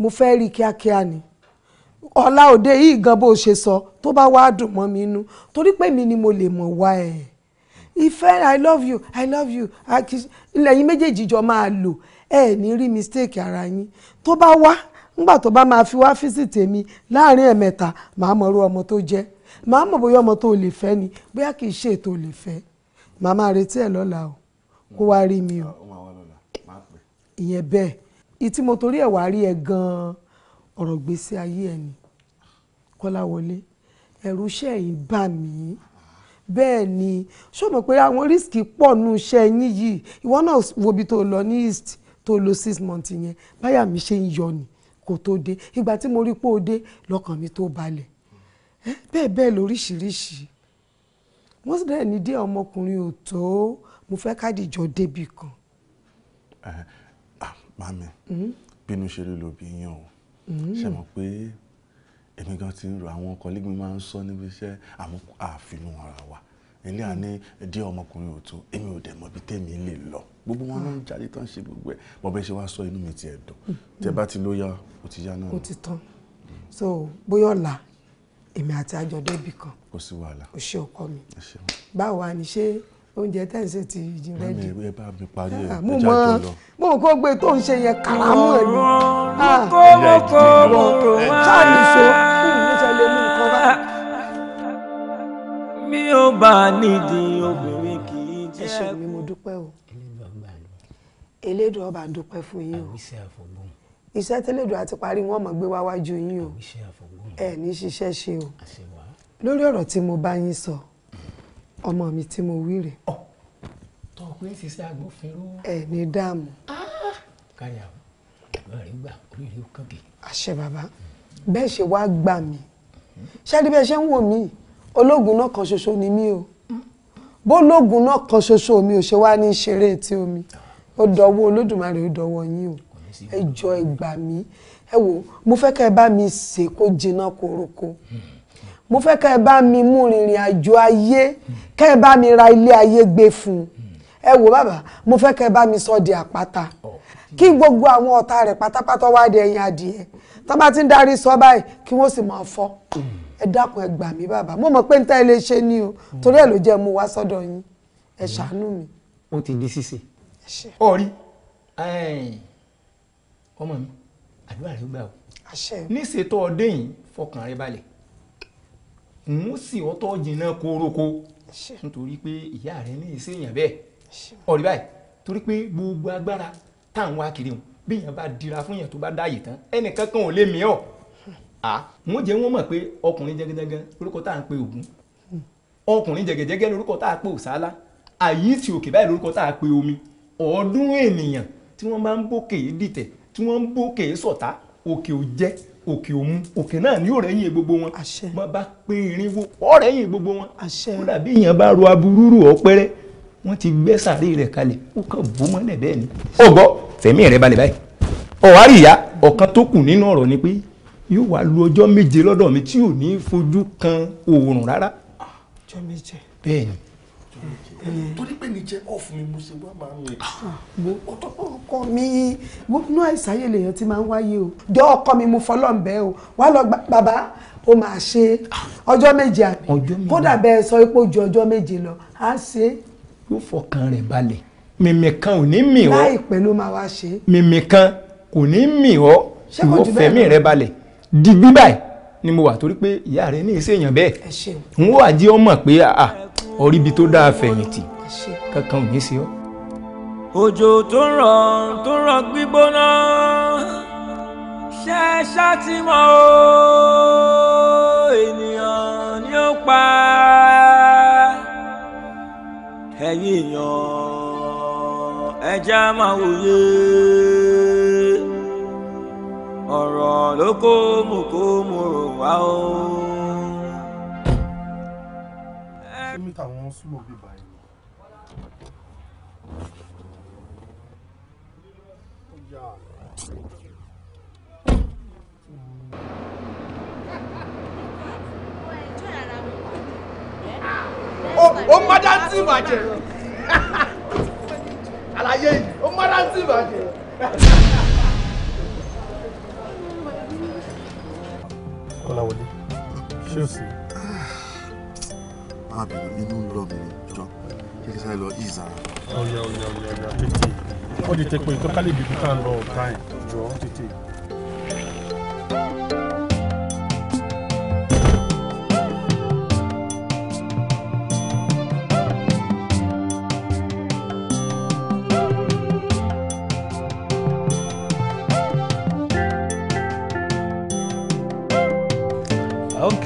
mo fẹ́ rí kíákíá ni òde yìí gan ṣe sọ tó bá wá dùn mi inú torí pé mi ni mo lè mọ̀ wá ẹ̀ Ife i love you i love you ilẹ̀ méjèèjì jọ máa lò ẹ ní rí mistake ara yín tó bá wá nígbà tó bá fi wá láàrin ẹ̀mẹ́ta màá ọmọ tó màá mọ̀ bóyá ọmọ tó lè fẹ́ ni bóyá kì í ṣe ètò lè fẹ́ màá máa retí ẹ̀ lọ́la o kó wá rí mi o ìyẹn bẹ́ẹ̀ ìtí mo torí ẹ̀ wá rí ẹ gan-an ọ̀rọ̀ gbèsè ayé ẹ ni Kọ́láwọlé ẹ̀rù iṣẹ́ yìí bà mí bẹ́ẹ̀ ni ṣó mọ̀ pé àwọn rísìkì pọ̀ nù iṣẹ́ yín yìí ìwọ náà wo ibi tó lọ ní east tó lọ six months yẹn báyà mi ṣe ń yọ ni kò tó dé ìgbà tí mo rí pé ó dé lọ́kàn mi tó balẹ̀ bẹ́ẹ̀ bẹ́ẹ̀ lóríṣìíríṣìí wọ́n sì dẹ̀ ní dé ọmọkùnrin ò tó mo fẹ́ kádìjọ débì kan. mami hmm? bínú ṣe rí lóbi yín o hmm. ṣe mọ̀ pé èmi gan ti ń rò àwọn kọ́lẹ́gbẹ́ máa ń sọ níbi iṣẹ́ àwọn àfinú ara wa ilé àní dé ọmọkùnrin ò tó èmi ò dẹ̀ mọ̀ bí tèmi lè lọ gbogbo wọn ló ń jáde tán ṣe gbogbo ẹ̀ bọ́bẹ́ ṣe wá sọ inú mi ti ẹ̀ dùn tẹ bá ti ló yá ti yá náà. ó ti tán so bóyá ọ̀la èmi àti àjọ débì kan kò sí wàhálà o ṣe ọkọ mi báwo wà ní ṣe oúnjẹ tẹ̀sán ti jìn rẹ́dì ẹ bá mi parí ah, ẹ ẹja jọ lọ mo kó gbé tó ń ṣe yẹn kàrámù ah. ẹ ní ṣáàlì so fún ìmúṣẹ lè mú nǹkan bá. mi ò bá nídìí obìnrin kì í jẹ́. ẹ ṣe mi mo dúpẹ́ o elédùn ọba dúpẹ́ fún yín o iṣẹ́ tẹ́lẹ̀dùn àti parí wọn mọ̀ gbé wá wájú yín o ẹ ní ṣiṣẹ́ ṣe o lórí ọ̀rọ̀ tí mo bá yín sọ ọmọ mi tí mo wí rè. tọkùnrin ṣiṣẹ́ agbófinró. ẹ ní dààmú. Ah! káyà bàbá rẹ gbà oríire ó kànkè. àṣẹ bàbá bẹ́ẹ̀ ṣe wá gbà mí ṣáàdì bẹ́ẹ̀ ṣe ń wò mí ológun náà kan ṣoṣo ni mí o bólógun náà kan ṣoṣo mi ò ṣe wá ní ṣeré etí omi ah. ó dọwọ́ olódùmarè ó dọwọ́ yín o ẹ jọ̀ọ́ ẹ gbà mí ẹ wo mo fẹ́ kẹ́ ẹ bá mi ṣe kó jiná koroko mo fẹ́ kẹ́ ẹ bá mi mú rìnrìn àjò ayé kẹ́ ẹ bá mi ra ilé ayé gbé fún un ẹ wo bàbá mo fẹ́ kẹ́ ẹ bá mi sọ di àpáta kí gbogbo àwọn ọ̀tá rẹ̀ pátápátá wá di ẹ̀yìn adìẹ tó bá ti ń darí sọ báyìí kí wọ́n sì máa fọ́ ẹ dákun ẹ gbà mí bàbá mo mọ̀ pé ń tẹ́ ilé ṣe ni o torí ẹ̀ ló jẹ́ mo wá sọ́dọ̀ yín ẹ ṣàánú mi. wọ́n ti ní sísè ọ̀rí ọmọ mi àdúrà ló gbà o níṣètò ọdẹ yìí fọkàn rẹ balẹ̀ òun sì ọtọ jìnnà kóróko nítorí pé ìyá rẹ ní ìṣe èèyàn bẹ́ẹ̀ ọ̀rí báyìí torí pé gbogbo agbára táwọn wá kiri wọn bí èèyàn bá dira fún èèyàn tó bá dáàyè tán ẹnìkan kan ò lè mí ọ à wọn jẹ wọn mọ̀ pé ọkùnrin jẹgẹjẹgẹ lórúkọ tá à ń pe Ògún ọkùnrin jẹgẹjẹgẹ lórúkọ tá à pe Òsálá àyíṣì òkè báyìí lórúkọ tá à pe omi ọ̀ọ́dúnrún ènìyàn tí wọ́n bá ń bókè dìtẹ̀ tí wọ́n ń bó kèé sọ̀tá òkè ò jẹ́ òkè òmu òkè náà ni ó gbogbo wọn mo bá pé irinwó ó gbogbo wọn kódà bí èèyàn bá ro aburú rò wọ́n ti gbé sàárè rẹ̀ kalẹ̀ ó kàn bó mọ́lẹ̀ bẹ́ẹ̀ ni. ó gbọ́ fẹ̀mí rẹ̀ balẹ̀ báyìí ọ̀hárí ìyá ọ̀kan tó kù nínú ọ̀rọ̀ ni pé yóò wá lu ọjọ́ méje lọ́dọ̀ mi tí ò ní fojú kan oòrùn rárá. ọjọ́ méje. bẹ́ẹ̀ ni. Eh. torí pé ní jẹ́ ọ̀fun mi mo ṣe wá máa ń rìn. Ah, wo ọkọ mi nínú àìsàyè lèèyàn ti máa ń wáyé o jọ ọkọ mi mo fọlọ́ǹbẹ́ o wá lọ bàbá ó máa ṣe ọjọ́ méje àbí ah, kódà bẹ́ẹ̀ sọ pé ó ju ọjọ́ méje lọ á ṣe. yóò fọkàn rẹ̀ balẹ̀ mímì kan ò ní mì ọ́ láìpẹ́ ló máa wá ṣe. mímì kan kò ní mì ọ́ ìwọ fẹ̀mí rẹ̀ balẹ̀ di bíbáyìí ni mo wà torí pé ìyá rẹ ní ìṣe èèyàn bẹ́ẹ̀ n ó àjí ọmọ pé àà ọríbi tó dáa fẹ̀yìntì kankan ò ní ṣe ọ́. òjò tó rọ̀ tó rọ̀ gbígbóná ṣe ṣátìmọ́ o ènìyàn ni ó pa ẹ̀yin èèyàn ẹja máa wòye ọ̀rọ̀ ló kó mú kó mú rò wá o. ṣé mi tàwọn súnmọ́ bíi báyìí. ó mọ́dá tí ìbàjẹ́ Kọ́láwọlé ṣé o sì. Má bẹ̀rẹ̀ inú ń lọ mi jọ kí kí sáré lọ yí ìzara. Ọ̀yà ọ̀yà ọ̀yà tètè wọ́n ti tẹ pé ìtọ́kálẹ̀ ìbí kan lọ ọ̀tá ẹ̀ jọ tètè.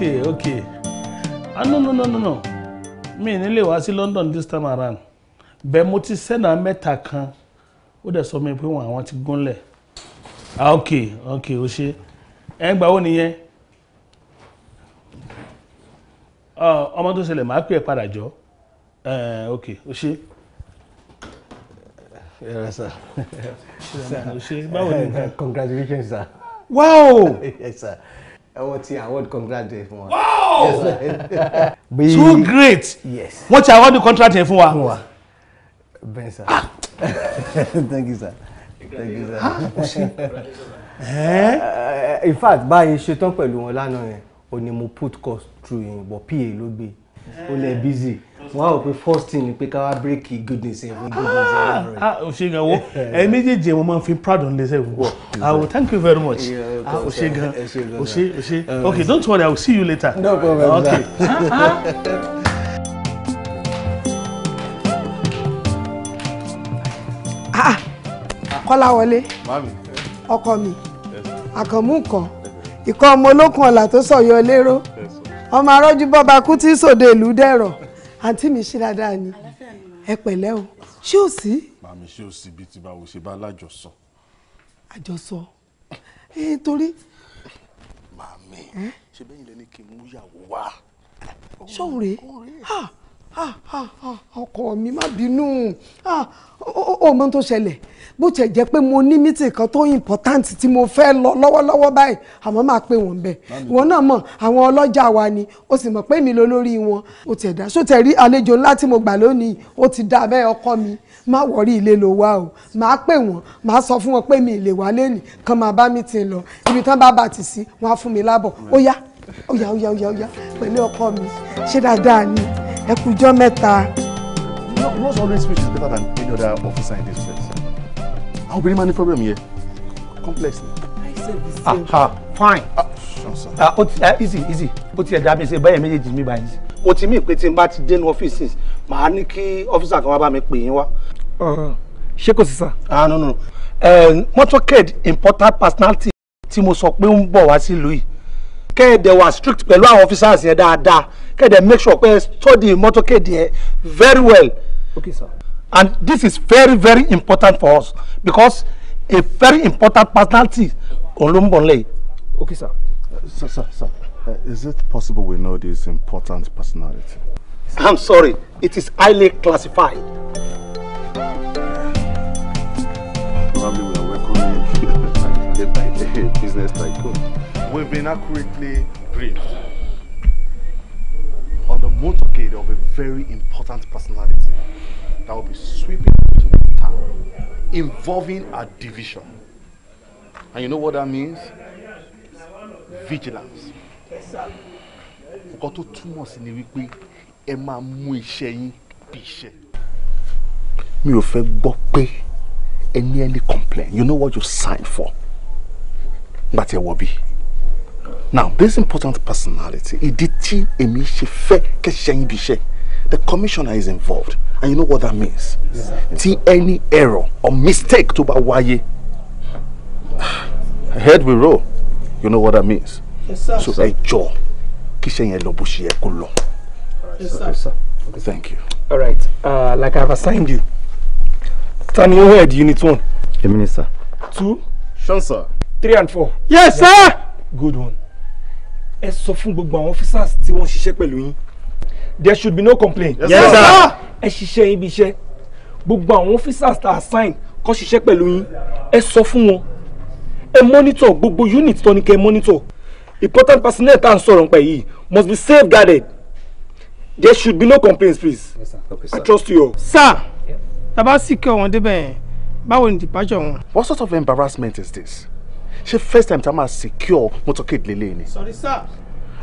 okay okay ah no no no no no mi ní lè wá sí London this time around Be mo ti sẹ́nà mẹ́ta kan ó dẹ̀ sọ mi pé wọn àwọn ti gúnlẹ̀ ah okay okay o ṣe ẹ̀ ń gbà wo nìyẹn ah, ọmọ tó ṣẹlẹ̀ máa pè é padà jọ eh, ok o ṣe. sir. sá ṣe báwo ni. congratulations sir. wow. yes sir ẹwọ ti award contract yẹn fún wa. wow too great yes wọ́n ti award contract yẹn fún wa. fún wa bẹ́ẹ̀ sir ah! thank you sir thank you sir. Ah! Eh? Eh, in fact báyìí ṣetán pẹ̀lú wọn lánàá yẹn o ni mo put cost through yẹn but pa ló gbé o lẹ busy wọ́n á wò first thing ni pé ká wá break goodness ẹ̀ fún goodness ẹ̀ ah, rẹ̀. a ò ṣe gan wo ẹ méjèèjì mo máa fi proud on lẹ́sẹ̀ púpọ̀ ah well thank you very much ah ò ṣe gan ò ṣe uh, okay don't worry i will see you later. no problem okay. Ah, ah. kọ́láwọlé ọkọ mi àkànmú nǹkan ìkọ́ ọmọ olókùn ọ̀là tó sọ̀yọ́ lérò ọmọ arọ́jú bọ́ba kú tí sòde ìlú dẹ̀rọ̀ àǹtí mi ṣe dáadáa ni ẹ pẹ̀lẹ́ o ṣé ò sí. màmí ṣé ò sí bíi ti báwo ṣe bá lájọsọ. àjọsọ ẹ torí. màmí ṣe bẹ́yìn lẹ́ni kí n mú ìyàwó wá. ṣọ́ọ̀rẹ́ ọkọ mi má bínú ọmọ tó ṣẹlẹ̀ bó tiẹ̀ jẹ́ pé mo ní mítì kan tó important tí mo fẹ́ lọ lọ́wọ́lọ́wọ́ báyìí àmọ́ máa pè wọ́n bẹ́ẹ̀ wọn náà mọ̀ àwọn ọlọ́jà wa ni ó sì mọ̀ pé mi ló lórí wọn ó tiẹ̀ dá sótẹ̀ rí àlejò ńlá tí mo gbà lónìí ó ti dá abẹ́ ọkọ mi má wọrí ilé ló wá o máa pè wọ́n máa sọ fún wọn pé mi lè wá lẹ́nìí kan máa bá mi ti lọ ibi tán bá bá ti sí wọn á fún mi lábọ̀ ó yá ó yá ó yá ó yá pẹ̀lú ọkọ mi ṣé dáadáa ni ẹ kújọ́ mẹ́ta. Nurse always speech is better than any other officer in this place. Àwọn obìnrin máa ní problem yẹn. Complex ni. I said the same. Ah, fine. Ah, o ah, ti, eh, easy, easy. O ti ẹ̀ dá mi ṣe báyẹn méjèèjì mi báyìí. Mo ti mí pé tí n bá ti dé ní ọ́fíìsì, màá ní kí ọ́fíìsà kan wá bá mi pè yín wá. Ah, ṣé kò sí sá? Ah, no, no. Eh, Motorcade imported personality tí mo sọ pé ń bọ̀ wá sílùú yìí kẹ́ẹ̀dẹ̀ wà strict pẹ̀lú àwọn officers yẹn dáadáa kẹ́ẹ̀dẹ̀ make sure pé study motorcade yẹn very well. okay sir. and this is very very important for us because a very important personality olumboley. okay sir. sir sir sir uh, is it possible we know this important personality. i'm sorry it is highly classified. Probably we are welcoming a business tycoon. We've been accurately briefed on the motorcade of a very important personality that will be sweeping into the town involving a division. And you know what that means? Vigilance. Nǹkan tó túmọ̀ sí ni wípé ẹ máa mú iṣẹ́ yín bí iṣẹ́. Mi ò fẹ́ gbọ́ pé ẹ ní any complaint. You know what you signed for? But Gbàtẹ́ will be now this important personality ìdí tí èmi ṣe fẹ́ the commissioner is involved and you know what that means yeah. any error or mistake to bá head will roll you know what that means yes, sir, so ẹ jọ kíṣẹ́ yẹn lọ bó ṣe yẹ kó Yes, sir. Yes, sir. Okay, thank you. All right. Uh, like I've assigned you. turn your head, unit one. Yes, minister. Two. Shansa. sir. Three and four. Yes, yes, sir. Good one ẹ sọ fún gbogbo àwọn officers tí wọ́n ṣiṣẹ́ pẹ̀lú yín there should be no complaint. yes, yes sir. ẹ ṣiṣẹ́ yín bí iṣẹ́ gbogbo àwọn officers tá a sign kọ́ ṣiṣẹ́ pẹ̀lú yín ẹ sọ fún wọn ẹ monitor gbogbo unit tó ní kẹ́ ẹ monitor important personnel tá à ń sọ̀rọ̀ nípa yìí must be safeguarded there should be no complaints please yes, sir. Okay, sir. i trust you all. sir tá a bá sì kí ọ̀wọ́n débẹ̀ báwo ni departure wọn. what sort of embarrassment is this? She first time ta secure motorcade lélẹ̀ ni. sorry sir.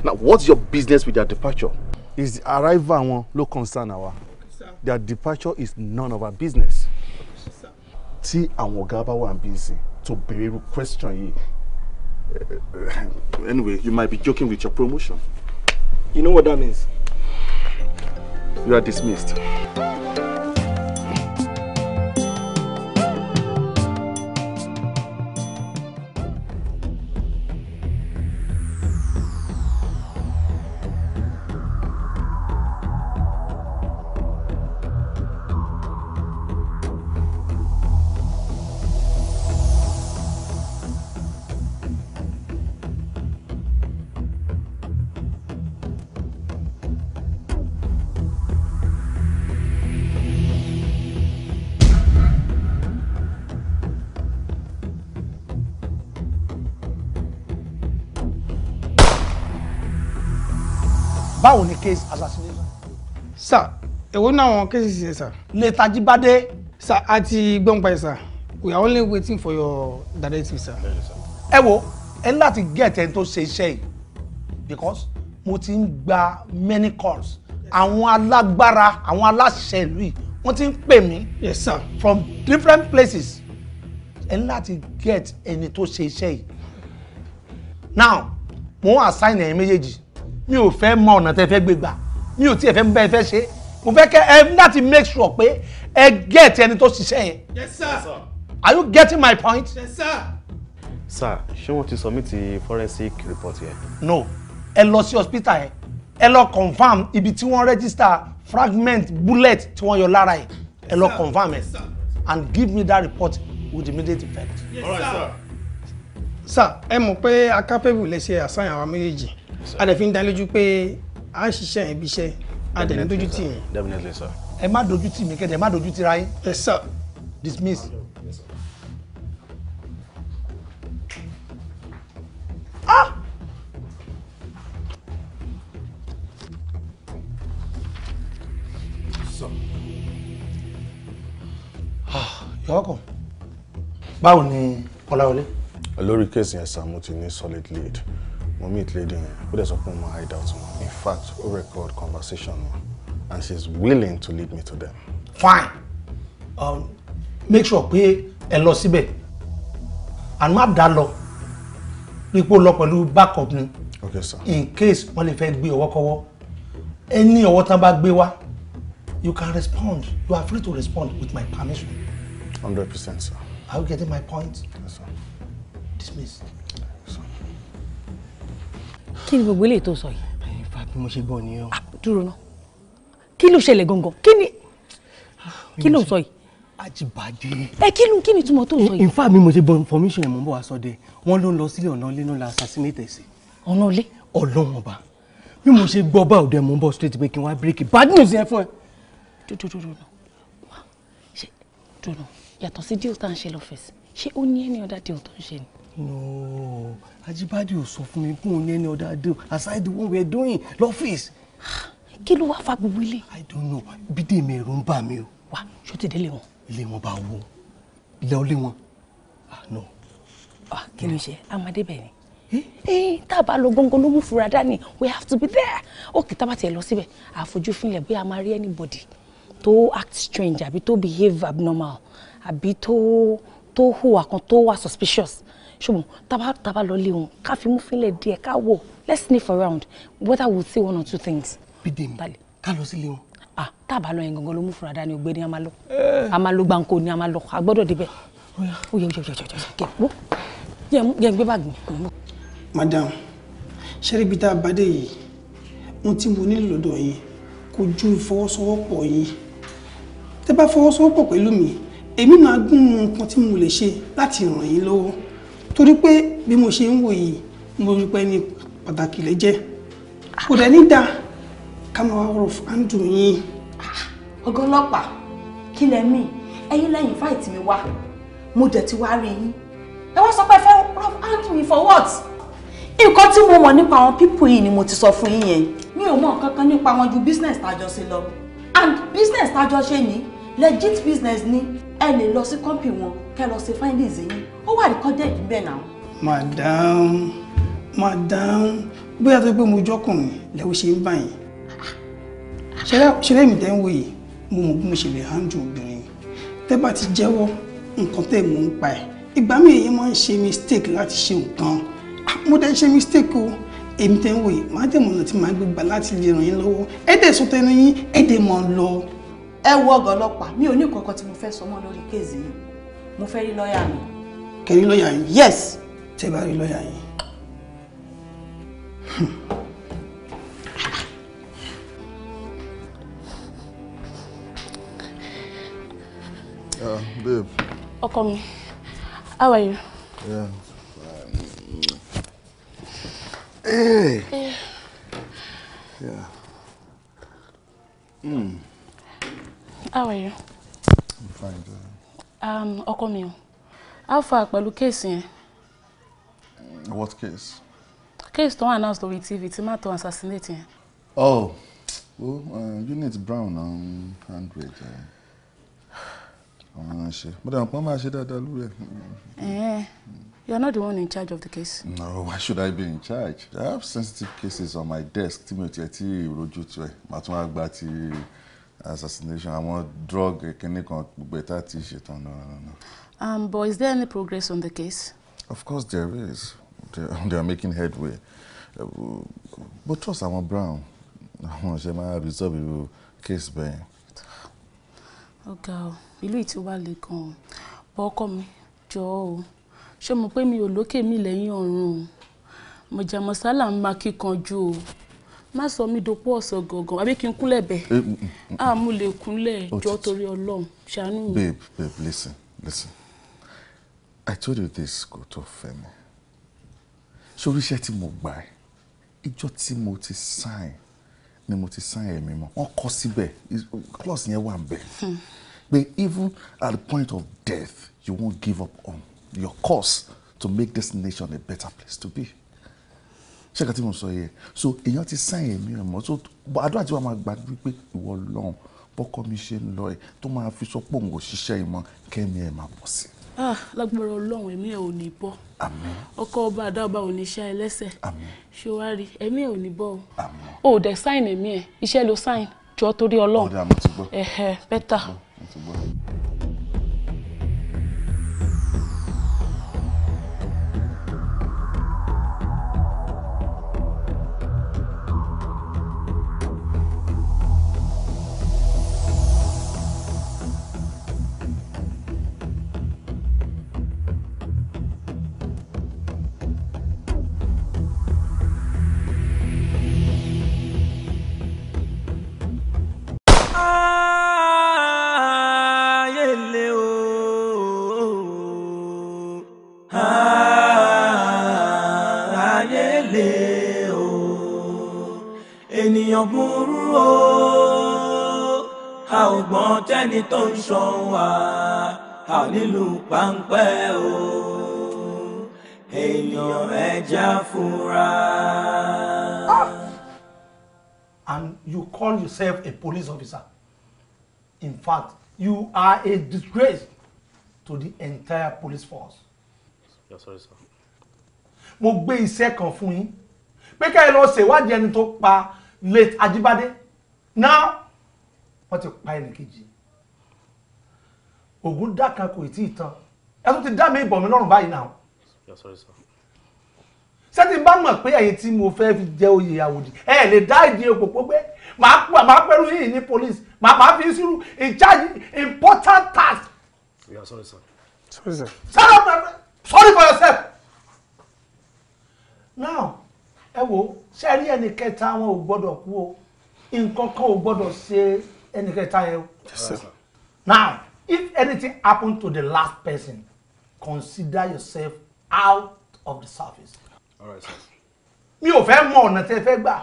now what's your business with their departure. is the arrival one low concern àwa their departure is none of our business. tí àwọn ọ̀gá bá wà bí nsìn tó béèrè irú question yìí. Eh, eh, anyway you might be joking with your promotion. you know what that means. you are dismissed. báwo ni case assassination. sà èwo náà àwọn cases yẹn sà. lẹ́tà jíbádé. sà a ti gbọ́n pa ẹ̀ sà we are only waiting for your directive sir. ẹ wo ẹ láti get ẹni tó ṣe iṣẹ́ yìí because mo ti ń gba many calls àwọn alágbára àwọn aláṣẹ ìlú yìí wọ́n ti ń pè mí. yes sir. from different places ẹ láti get ẹni tó ṣe iṣẹ́ yìí now mo ń assign ẹ̀yin méjèèjì mi ò fẹ́ mọ ọ̀nà tẹ́ fẹ́ gbé gbà mi ò tiẹ̀ fẹ́ bá ẹ fẹ́ ṣe mo fẹ́ kẹ́ ẹ láti make sure pé ẹ get ẹni tó ṣiṣẹ́ yẹn. sir. are you getting my point. yes ṣé wọ́n ti submit forensic report yẹn. no ẹ lọ sí hospital yẹn ẹ lọ confam ibi tí wọ́n register fragment bullet tí wọ́n yọ lára yẹn ẹ lọ confam ẹ and give me that report with immediate effect. yes sir. sir ẹ mọ̀ pé a capable lè ṣe àṣàyàn àwa méjèèjì a dẹ̀ fi ń dánilójú pé a ń ṣiṣẹ́ ibi iṣẹ́ a dẹ̀ ní dojú tì yín. definitely sir. ẹ má dojú tì mí kẹ́dẹ̀ ẹ má dojú tira yín. yes sir. dismiss. ah. ah báwo ni ọláwọlé. lórí kéèsì yẹn sàmú ti ní solid lead mo meet lady yẹn ó dẹ̀ sọ pé mo máa in fact we record conversation and she's willing to lead me to them. fine um, make sure pé ẹ lọ síbẹ̀ and map dá lọ rí pé ó lọ pẹ̀lú backup ni okay, sir. in case wọ́n lè fẹ́ gbé ọwọ́ kọ́wọ́ ẹni ọwọ́ tán bá gbé you can respond you are free to respond with my permission. hundred percent sir. are you getting my point. yes sir. dismissed kí ni gbogbo eléyìí tó sọ yìí. ìfà bí mo ṣe gbọ́ nìyẹn o. Ah, dúró ná kí ló ṣẹlẹ̀ gangan kí ni ah, kí ló ń sọ yìí. ajibade. ẹ kí ló kí ni túmọ̀ tó sọ yìí. ìfà bí mo ṣe gbọ́ information yẹn mo ń bọ̀ sọ de wọ́n ló ń lọ sílé ọ̀nà ilé náà la assassinate sí. ọ̀nà ilé. ọlọ́run ọba bí mo ṣe gbọ́ bá òde mo ń bọ̀ straight pé kí n wá break bad news yẹn fún ẹ. dúró dúró dúró yàtọ̀ sí deal tá à ń ṣe lọ́fẹ̀ẹ́sì ṣé ó ní ẹni ọ̀dà deal tó ń ṣe ni. no Ajibade ò sọ fún mi fún òun any other deal aside the one we are doing lọ́fíìsì. kí ló wáá fa gbogbo ilé. I don't know bídèmí ẹ̀rù ń bà mí o. wá ṣó ti délé wọn. ilé wọn bá wọ ilé ọlé wọn ah no. kí ló ṣe amadé bẹ́ẹ̀ ni ee eh? tá a bá lọ gbọ́ngàn ló mú fura dání we have to be there òkè tá a bá tiẹ̀ lọ síbẹ̀ àfojú fínlẹ̀ bóyá a máa rí anybody tó act strange àbí tó behave abnormal àbí tó tó hùwà kan tó wà suspicious ṣùgbọ́n taba taba lọ lé wọn ká fi mú fínlẹ̀ díẹ̀ ká wò let's sniff around whether we we'll see one or two things. bídèmí ká lọ sílé wọn. ah tábà lọ yẹn gangan ló mú fura dání ògbé ni a máa lọ a máa lọ gbáǹkó ni a máa lọ a gbọ́dọ̀ débẹ̀. ó yẹ ó yẹ ó yẹ wo yẹn gbé báàgì madam ṣẹ́rí bíi tá a bá dé yìí ohun tí mo nílò lọ́dọ̀ yín kò ju ìfọwọ́sowọ́pọ̀ yín tẹ́ bá fọwọ́sowọ́pọ̀ pẹ̀lú mi èmi máa gún nǹkan tí mo lè ṣe láti ràn yín lọ́wọ́ torí pé bí mo ṣe ń wò yìí mo rí pé ní pàtàkì lè jẹ́ kò dẹ̀ ní dáa ká máa rọ̀ fáńdù yín. ọ̀gá ọlọ́pàá kí lẹ mí ẹ̀yin lẹ́yìn fáìtì mi wá mo dẹ̀ ti wá rí yín ẹ wá sọ pé fẹ́ rọ̀ fáńdù mi for what nǹkan tí mo mọ̀ nípa àwọn pípò yìí ni mo ti sọ fún yín yẹn mi ò mọ̀ nǹkan nípa wọn ju business tájọ ṣe lọ and business tájọ ṣe ní legit business ni ẹ lè lọ sí kọ́ńpì wọn kẹ́ lọ ṣe findings yín ó wà recorded bẹ́ẹ̀ náà. madam madam bóyá tó pé mo jọkùnrin lẹ́wọ́ ṣe ń báyìí ṣẹlẹ́ mi tẹ́ ń wò yìí mo mọ̀ bí mo ṣe lè handle obìnrin tẹ́ bá ti jẹ́wọ́ nǹkan tẹ́ mò ń pa ẹ̀ ìgbà mi èyí máa ń ṣe mistake láti ṣe nǹkan ah, mo dẹ̀ ṣe mistake o èmi tẹ́ ń wò yìí máa tẹ̀ mọ̀ ọ̀nà tí màá gbé gbà láti lè ràn yín lọ́wọ́ ẹ dẹ̀ sọ tẹnu yín ẹ dẹ̀ mọ̀ lọ. ẹ wo ọgọ ọlọ́pàá mi ò ní nǹkan kan tí mo fẹ́ sọ mọ́ lórí kéèzì yìí mo fẹ́ rí lọ́ọ̀yà mi kẹrí lọ́ọ̀yà yín. yes. tẹ́ bá rí lọ́ọ̀yà yín. Ah, babe. Ọkọ mi, how are you? Yeah, fine. Hey! Yeah. yeah. Mm. How are you? I'm fine. Um, ọkọ mi o how far pẹ̀lú case yẹn. what case. case tó wà announced lórí tv tí má tó assassinate yẹn. oh well uh, unit brown um, hundred uh, àwọn náà ṣe bó dàn pọ́n máa ṣe dáadáa lórí ẹ̀. You are not the one in charge of the case. No, why should I be in charge? I have sensitive cases on my desk tí mi ò tiẹ̀ tí ìrojú tu ẹ̀ màá tún wá gba ti assassination àwọn drug kìnnìkan gbogbo ẹ̀ tá a ti ṣètò ọ̀nà ọ̀nà. Um, but is there any progress on the case? Of course there is. They, they are making headway. Uh, but trust our Brown, àwọn ṣe máa resolve irú case bẹ́ẹ̀. Ọ̀gá o, ìlú yìí ti wá le gan-an. Bọ́ ọkọ mi jọ̀ọ́ o, ṣé mo pé mi ò lókè mi lẹ́yìn ọ̀run o? Mọ̀jàmọ̀sálà ń máa kíkanjú o má sọ mí dopò ọ̀sọ̀ gangan àbí kí n kúnlẹ̀ bẹ̀ á mú lè kúnlẹ̀ oh, jọ́ torí Ọlọ́run ṣàánú mi. babe babe listen listen I told you this kò tó fẹ́ mi sórí iṣẹ́ tí mo gbà ẹ́ ìjọ tí mo ti sign ni mo ti sign ẹ̀mí mọ́ wọ́n kọ́ síbẹ̀ clause yẹn wà bẹ́ẹ̀ hmm. pé even at the point of death you won't give up on your cause to make this nation a better place to be ṣé kàtí mo sọ yẹ so èèyàn ti sign ẹ̀mí mọ́ so àdúrà tí wàá máa gbà wípé ìwọ lọ́hùn bọ́kọ́ mi ṣe ń lọ ẹ̀ tó máa fi sọ pé òun ò ṣiṣẹ́ ìmọ̀ kẹ́mi ẹ̀ máa pọ̀ sí i. Ah, lágbára ọlọ́run ẹ̀mí ẹ̀ ò ní bọ́ ọkọ ọba àdáọba ò ní ṣá ẹ lẹ́sẹ̀ ṣòwárí ẹ̀mí ẹ̀ ò ní bọ́ o ò dẹ̀ sáìn ẹ̀mí ẹ̀ iṣẹ́ ló sáìn jọ torí ọlọ́run ẹ̀hẹ̀ bẹ́tà. nílùú páńpẹ́ o èèyàn ẹja fura. Ah! And you call yourself a police officer. In fact, you are a disgrace to the entire police force. Yes, sorry, sir. Mo gbé iṣẹ́ kan fún yín pé ká ẹ lọ ṣèwádìí ẹni tó pa late Ajibade. Now, wọ́n ti pa ẹnì kejì ògùn dá kò tí ì tán ẹ ti dá mi ìbọn mi lọ́rùn báyìí náà. ṣé bá mọ̀ pé ẹ̀yin tí mo fẹ́ fi jẹ́ oyè àwòdì ẹ lè dá ìdí òpópó pé màá pẹ̀lú yìí ní police màá máa fi sírù in charge important task. sorry sir. sorry sir. sorry for yourself. now ẹ wo ṣe rí ẹnì kẹta wọn ò gbọ́dọ̀ kú o nǹkan kan ò gbọ́dọ̀ ṣe ẹnì kẹta yẹn o. now if anything happen to the last person consider yourself out of the service. all sir. mi ò fẹ́ mọ ọ̀nà tẹ́ fẹ́ gbà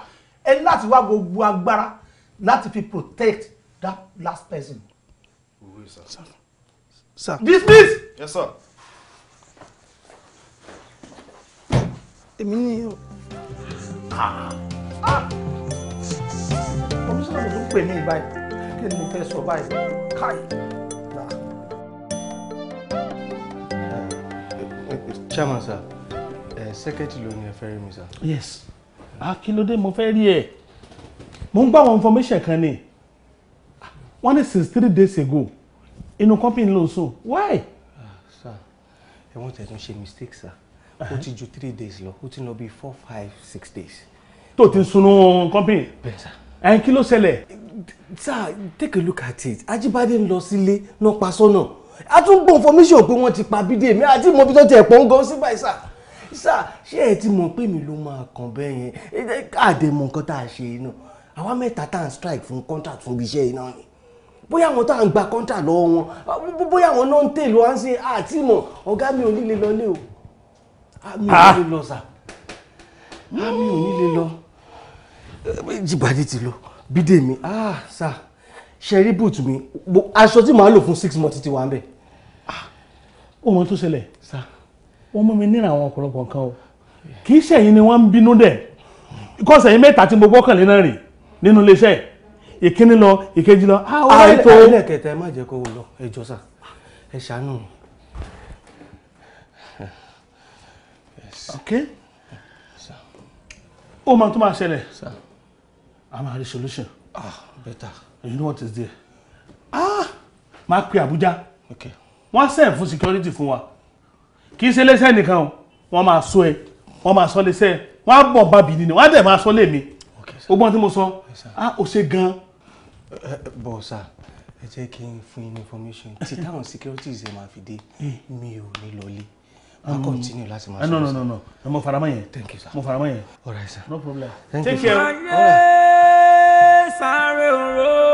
ẹ láti wá gbogbo agbára láti fi protect that last person. we will sir. sir. sir. dismiss. yes sir. èmi ni o. komisanna mo tún pè mí báyìí kí ni mo fẹ́ sọ báyìí káyìí. chairman sir ẹ eh, secretary ló ní ẹ fẹ́ mi sir. yes akílódé ah, mo fẹ́ rí ẹ mo ń gbọ́ àwọn information kan ni wọ́n since three days ago inú company lo so. why. Ah, sir ẹ wọ́n tẹ̀ tún ṣe mistake sir ó ti ju three days lọ ó no be four five six days. tó ti sunu company. bẹ́ẹ̀ sir. ẹ̀yin eh, kilo ló sir take a look at it Ajibadi lo lọ no lọ́pàá sọ́nà a tún gbọ́ information pé wọ́n ti pa Bídèmí àti mọ̀bí tó tiẹ̀ pọ̀ ń gan sí báyìí sà sà ṣé ẹ ti mọ̀ pé mi ló máa kàn bẹ́ẹ̀ yẹn àdèmọ̀ nǹkan tá a ṣe iná àwa mẹ́ta tá à ń strike fún contract fún ibi iṣẹ́ iná ni bóyá àwọn tó à ń gba contract lọ́wọ́ wọn bóyá àwọn náà ń tèlò wá ń ṣe àti mọ̀ ọ̀gá mi ò ní lè lọ lé o mi ò ní lè lọ sà mi ò ní lè lọ jìbàdí ti lọ Bídèmí ah sà ṣe rí boot mi aṣọ tí màá lò fún six months ti wà ń bẹ̀. Ah. ohun tó ṣẹlẹ̀ wọ́n mú mi nínú àwọn ọ̀pọ̀lọpọ̀ nǹkan o kì í ṣẹ̀yìn ni wọ́n ń bínú dẹ̀ kọ́sẹ̀ yín mẹ́ta tí mo gbọ́kànlé náà rè nínú iléeṣẹ́ ìkíní lọ ìkejì lọ. àìtó ah, ẹlẹ́kẹ̀ẹ́ta ẹ má jẹ́ kó o lọ ẹ jọ sà ẹ ṣàánú mi. okay ó máa tún máa ṣẹlẹ̀ a máa rí solution. ah better you know what is there ah máa pe Abuja wọ́n sẹ́ẹ̀ For security fún wa kì í ṣe léṣẹ́ nìkan o wọ́n máa sọ ẹ wọ́n máa sọ léṣẹ́ wọ́n á bọ̀ bàbí nínú wọ́n á dẹ̀ máa sọ lémi ogbon tí mo sọ ah o ṣe gan. Eh, eh, eh, bọ̀ sà ẹ jẹ́ kí n information tí táwọn Security ẹ máa fi dé hmm. mi ò ní lọlé máa hmm. continue láti máa sọ. no no no no mo faramọ́ yẹn thank you sir mo faramọ́ yẹn. all right sir no problem. thank you sir. sáré sáré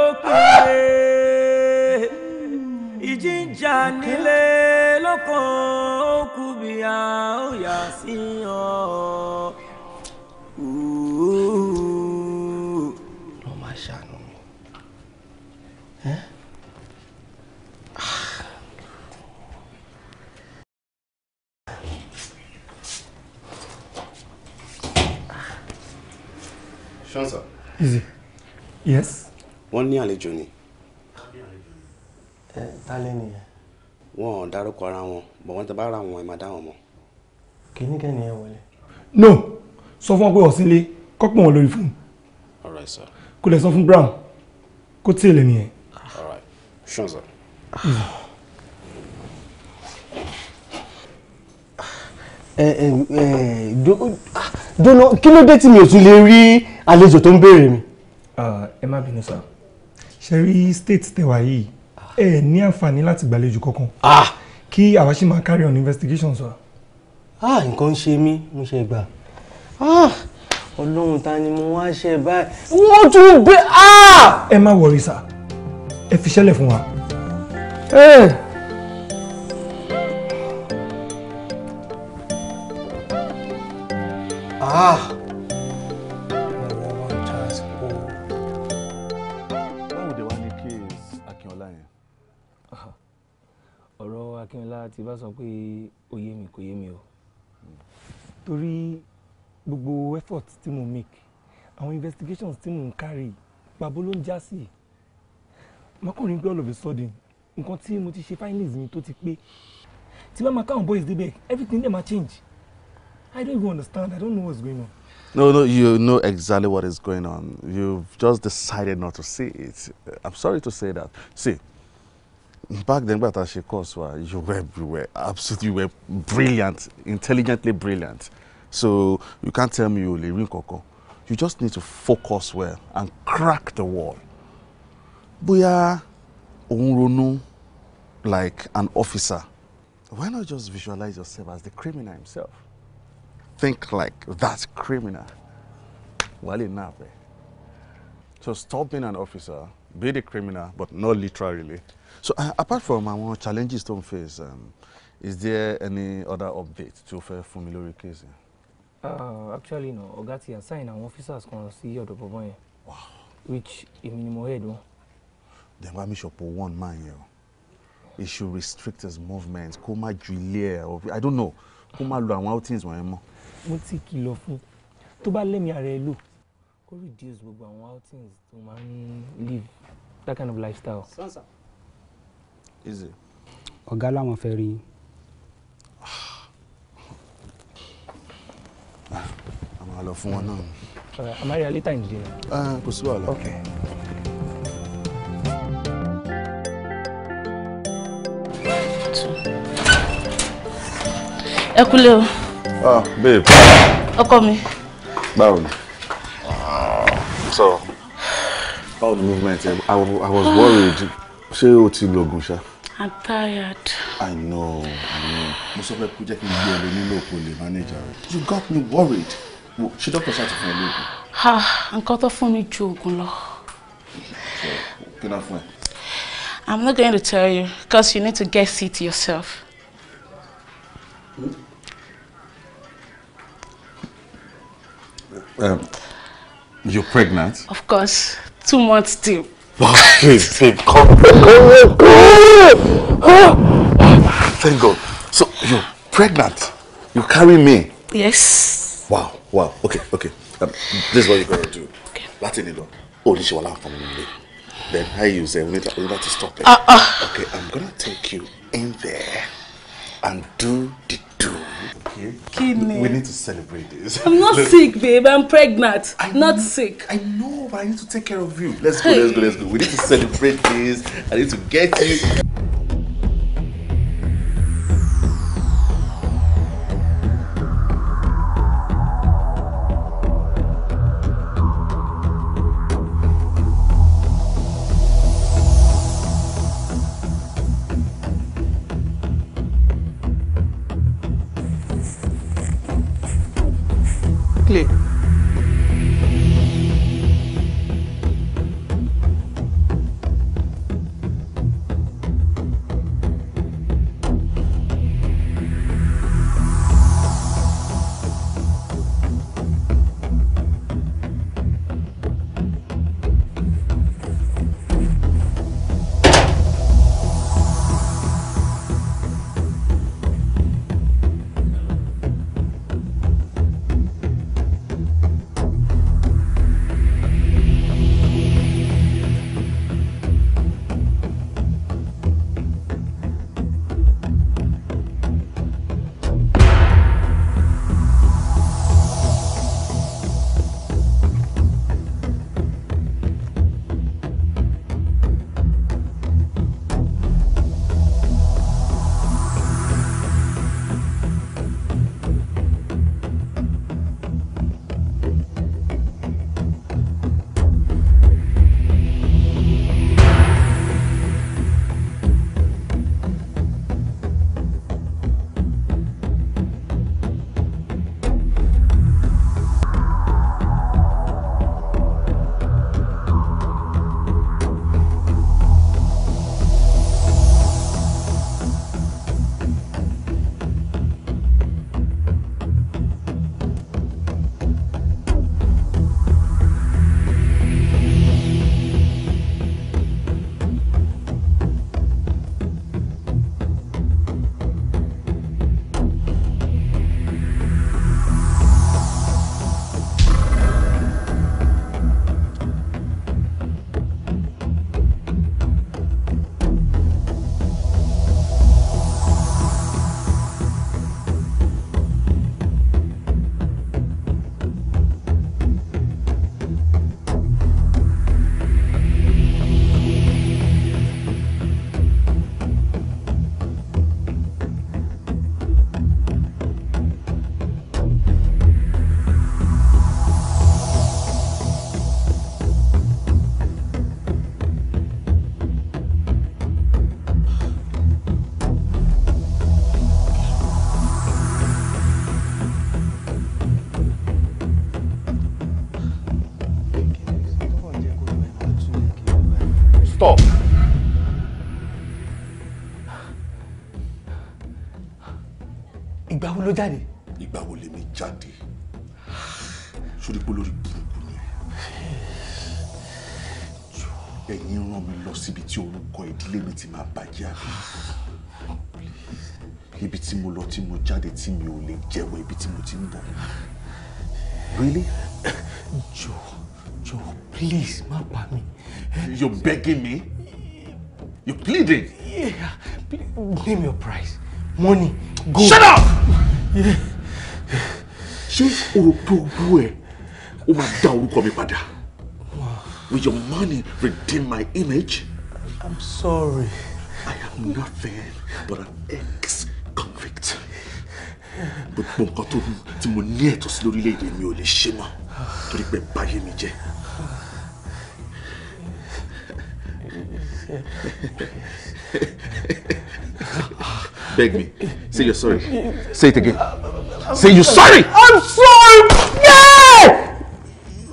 ìjíjà nílé lóko òkúbíà ó yà sí ọ. lọ́ọ́ máa ṣàánú mi Shansa. Is Yes? wọ́n ní àlejò ni. ẹ ta lé nìyẹn. wọn ò dárúkọ ara wọn bọ̀ wọ́n ti bá ra wọn ẹ̀ máa dá wọn mọ̀. kìíní kẹ́ni ẹ wọlé. no sọ fún wọn pé ọ̀sìnlé kọ́pọ̀ wọn lórí fún un. kò lè sọ fún brown kó tí èlé nìyẹn. ṣùgbọ́n sọ. dóná kí ló dé tí mi ò tún lè rí àlejò tó ń béèrè mi. Uh, ẹ má bínú sáà ṣe rí state tẹwà yìí ẹ ní àǹfààní láti gbàlejò kankan ah! kí àwa ṣì máa carry on investigation sọ. Ah, nǹkan ń ṣe mí mo ṣe gbà ah! ọlọ́run ta ni mo wá ṣe báyìí wọ́n tún bẹ́ ẹ má wọrí sá ẹ fi ṣẹlẹ̀ fún wa. Hey. Eh! Ah! tí bá sọ pé ó yé mi kò yé mi o. torí gbogbo effort tí mo make àwọn investigations tí mo ń carry pàbó ló ń já sí mọ́kànlélógún pé all of a nǹkan tí mo ti ṣe finalist mi tó ti pé tí bá máa káwọn boys débẹ̀ everything dey ma change I don't even understand I don't know what's going on. No, no, you know exactly what is going on. You've just decided not to see it. I'm sorry to say that. See, back then gbàtà ṣe course wa you were you were absolutely you were brilliant intelligently brilliant so you can't tell me o lè rí nǹkan you just need to focus well and crack the wall Boya, òun ronú like an officer why not just visualize yourself as the criminal himself think like that criminal wàá lè nà so stop being an officer be the criminal but not literally. So uh, apart from àwọn challenges to face, um, is there any other update to o fẹ́ mi lórí case Uh, actually no ọ̀gá ti assign àwọn officers kan sí ọ̀dọ̀ bọ̀bọ̀ yẹn. Which èmi ni mo head wọn. Dem bá mi ṣọ̀pọ̀ one man yẹn o. He should restrict his movement kó má ju ilé ẹ̀ or I don't know kó má lo àwọn outings wọ̀nyẹn mọ́. Mo ti kìlọ̀ fún tó bá lẹ́mìí ara ẹ lò kó reduce gbogbo àwọn outings tó máa ń live that kind of lifestyle. Sansa easy. ọ̀gá làwọn fẹ́ rí yín. a máa lọ fún wọn náà. àmàlẹ́ alẹ́ tàn dé. kò sí wàhálà. okay. ẹ kúlẹ̀ o. ah babe. ọkọ mi. báwo ni. so báwo the movement ẹ i was worried ṣé o ti lo oògùn ṣá. I'm tired. I know, I know. Mo sọ pé project. jẹ́ kí n gbé ẹ lọ manager You got me worried. Ṣé dókítà ṣáà ti fún Ha! I'm tó fún mi ju oògùn lọ. I'm not going to tell you because you need to guess it yourself. Um, you're pregnant? Of course. Two months still. Wow, please, babe, come. Thank God. So you're pregnant. You carry me. Yes. Wow, wow. Okay, okay. Um, this is what you're gonna do. Okay. Latin, you know. Oh, this will what I'm Then I use them. We need to stop it. Uh, uh. Okay, I'm gonna take you in there and do the do. Okay? Kini. We need to celebrate this. I'm not sick, babe. I'm pregnant. I not know, sick. I know, but I need to take care of you. Let's go, let's go, let's go. We need to celebrate this. I need to get you. ló jáde. ìgbà wo lèmi jáde sórí pé lórí burúkú ni ẹ̀yin rán mi lọ síbi tí orúkọ ìdílé mi ti máa bàjẹ́ àbí ibi tí mo lọ tí mo jáde tí mi ò lè jẹ́wọ́ ibi tí mo ti ń bọ̀ really jọ jọ please má pa mí. you're begging me You pleading. yeah name your price money go. shut up ṣé o rò pé owó ẹ o máa dá orúkọ mi padà will your money redeem my image. i'm sorry. i am nothing but an ex-convict gbogbo nǹkan tó tí mo ní ẹ̀tọ́ sí lórílẹ̀‐èdè mi ò lè ṣe mọ́ torí pé báyé mi jẹ́. Beg me. Say you're sorry. Say it again. Say you're sorry. I'm sorry. Yeah.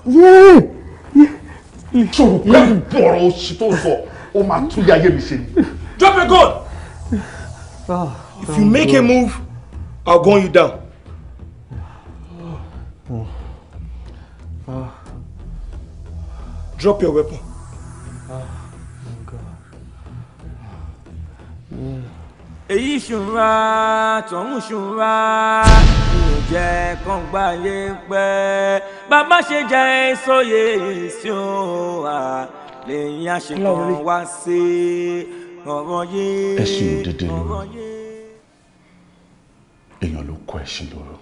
Yeah. Yeah. borrow shitozo o ma tu ya ye mi Drop your gun. Ah, if you make a move, I'll gun you down. Oh. Drop your weapon. èyí ṣùnra tọ̀hún ṣùnra ìyẹn jẹ́ kọ́ngbà yé pẹ́ bàbá ṣe jẹ́ sóye ìsìn òun à lẹ́yìn wá sí ọ̀rọ̀ yìí. ẹ̀sùn òdìdí èèyàn ló kọ ẹ̀sìn lóru.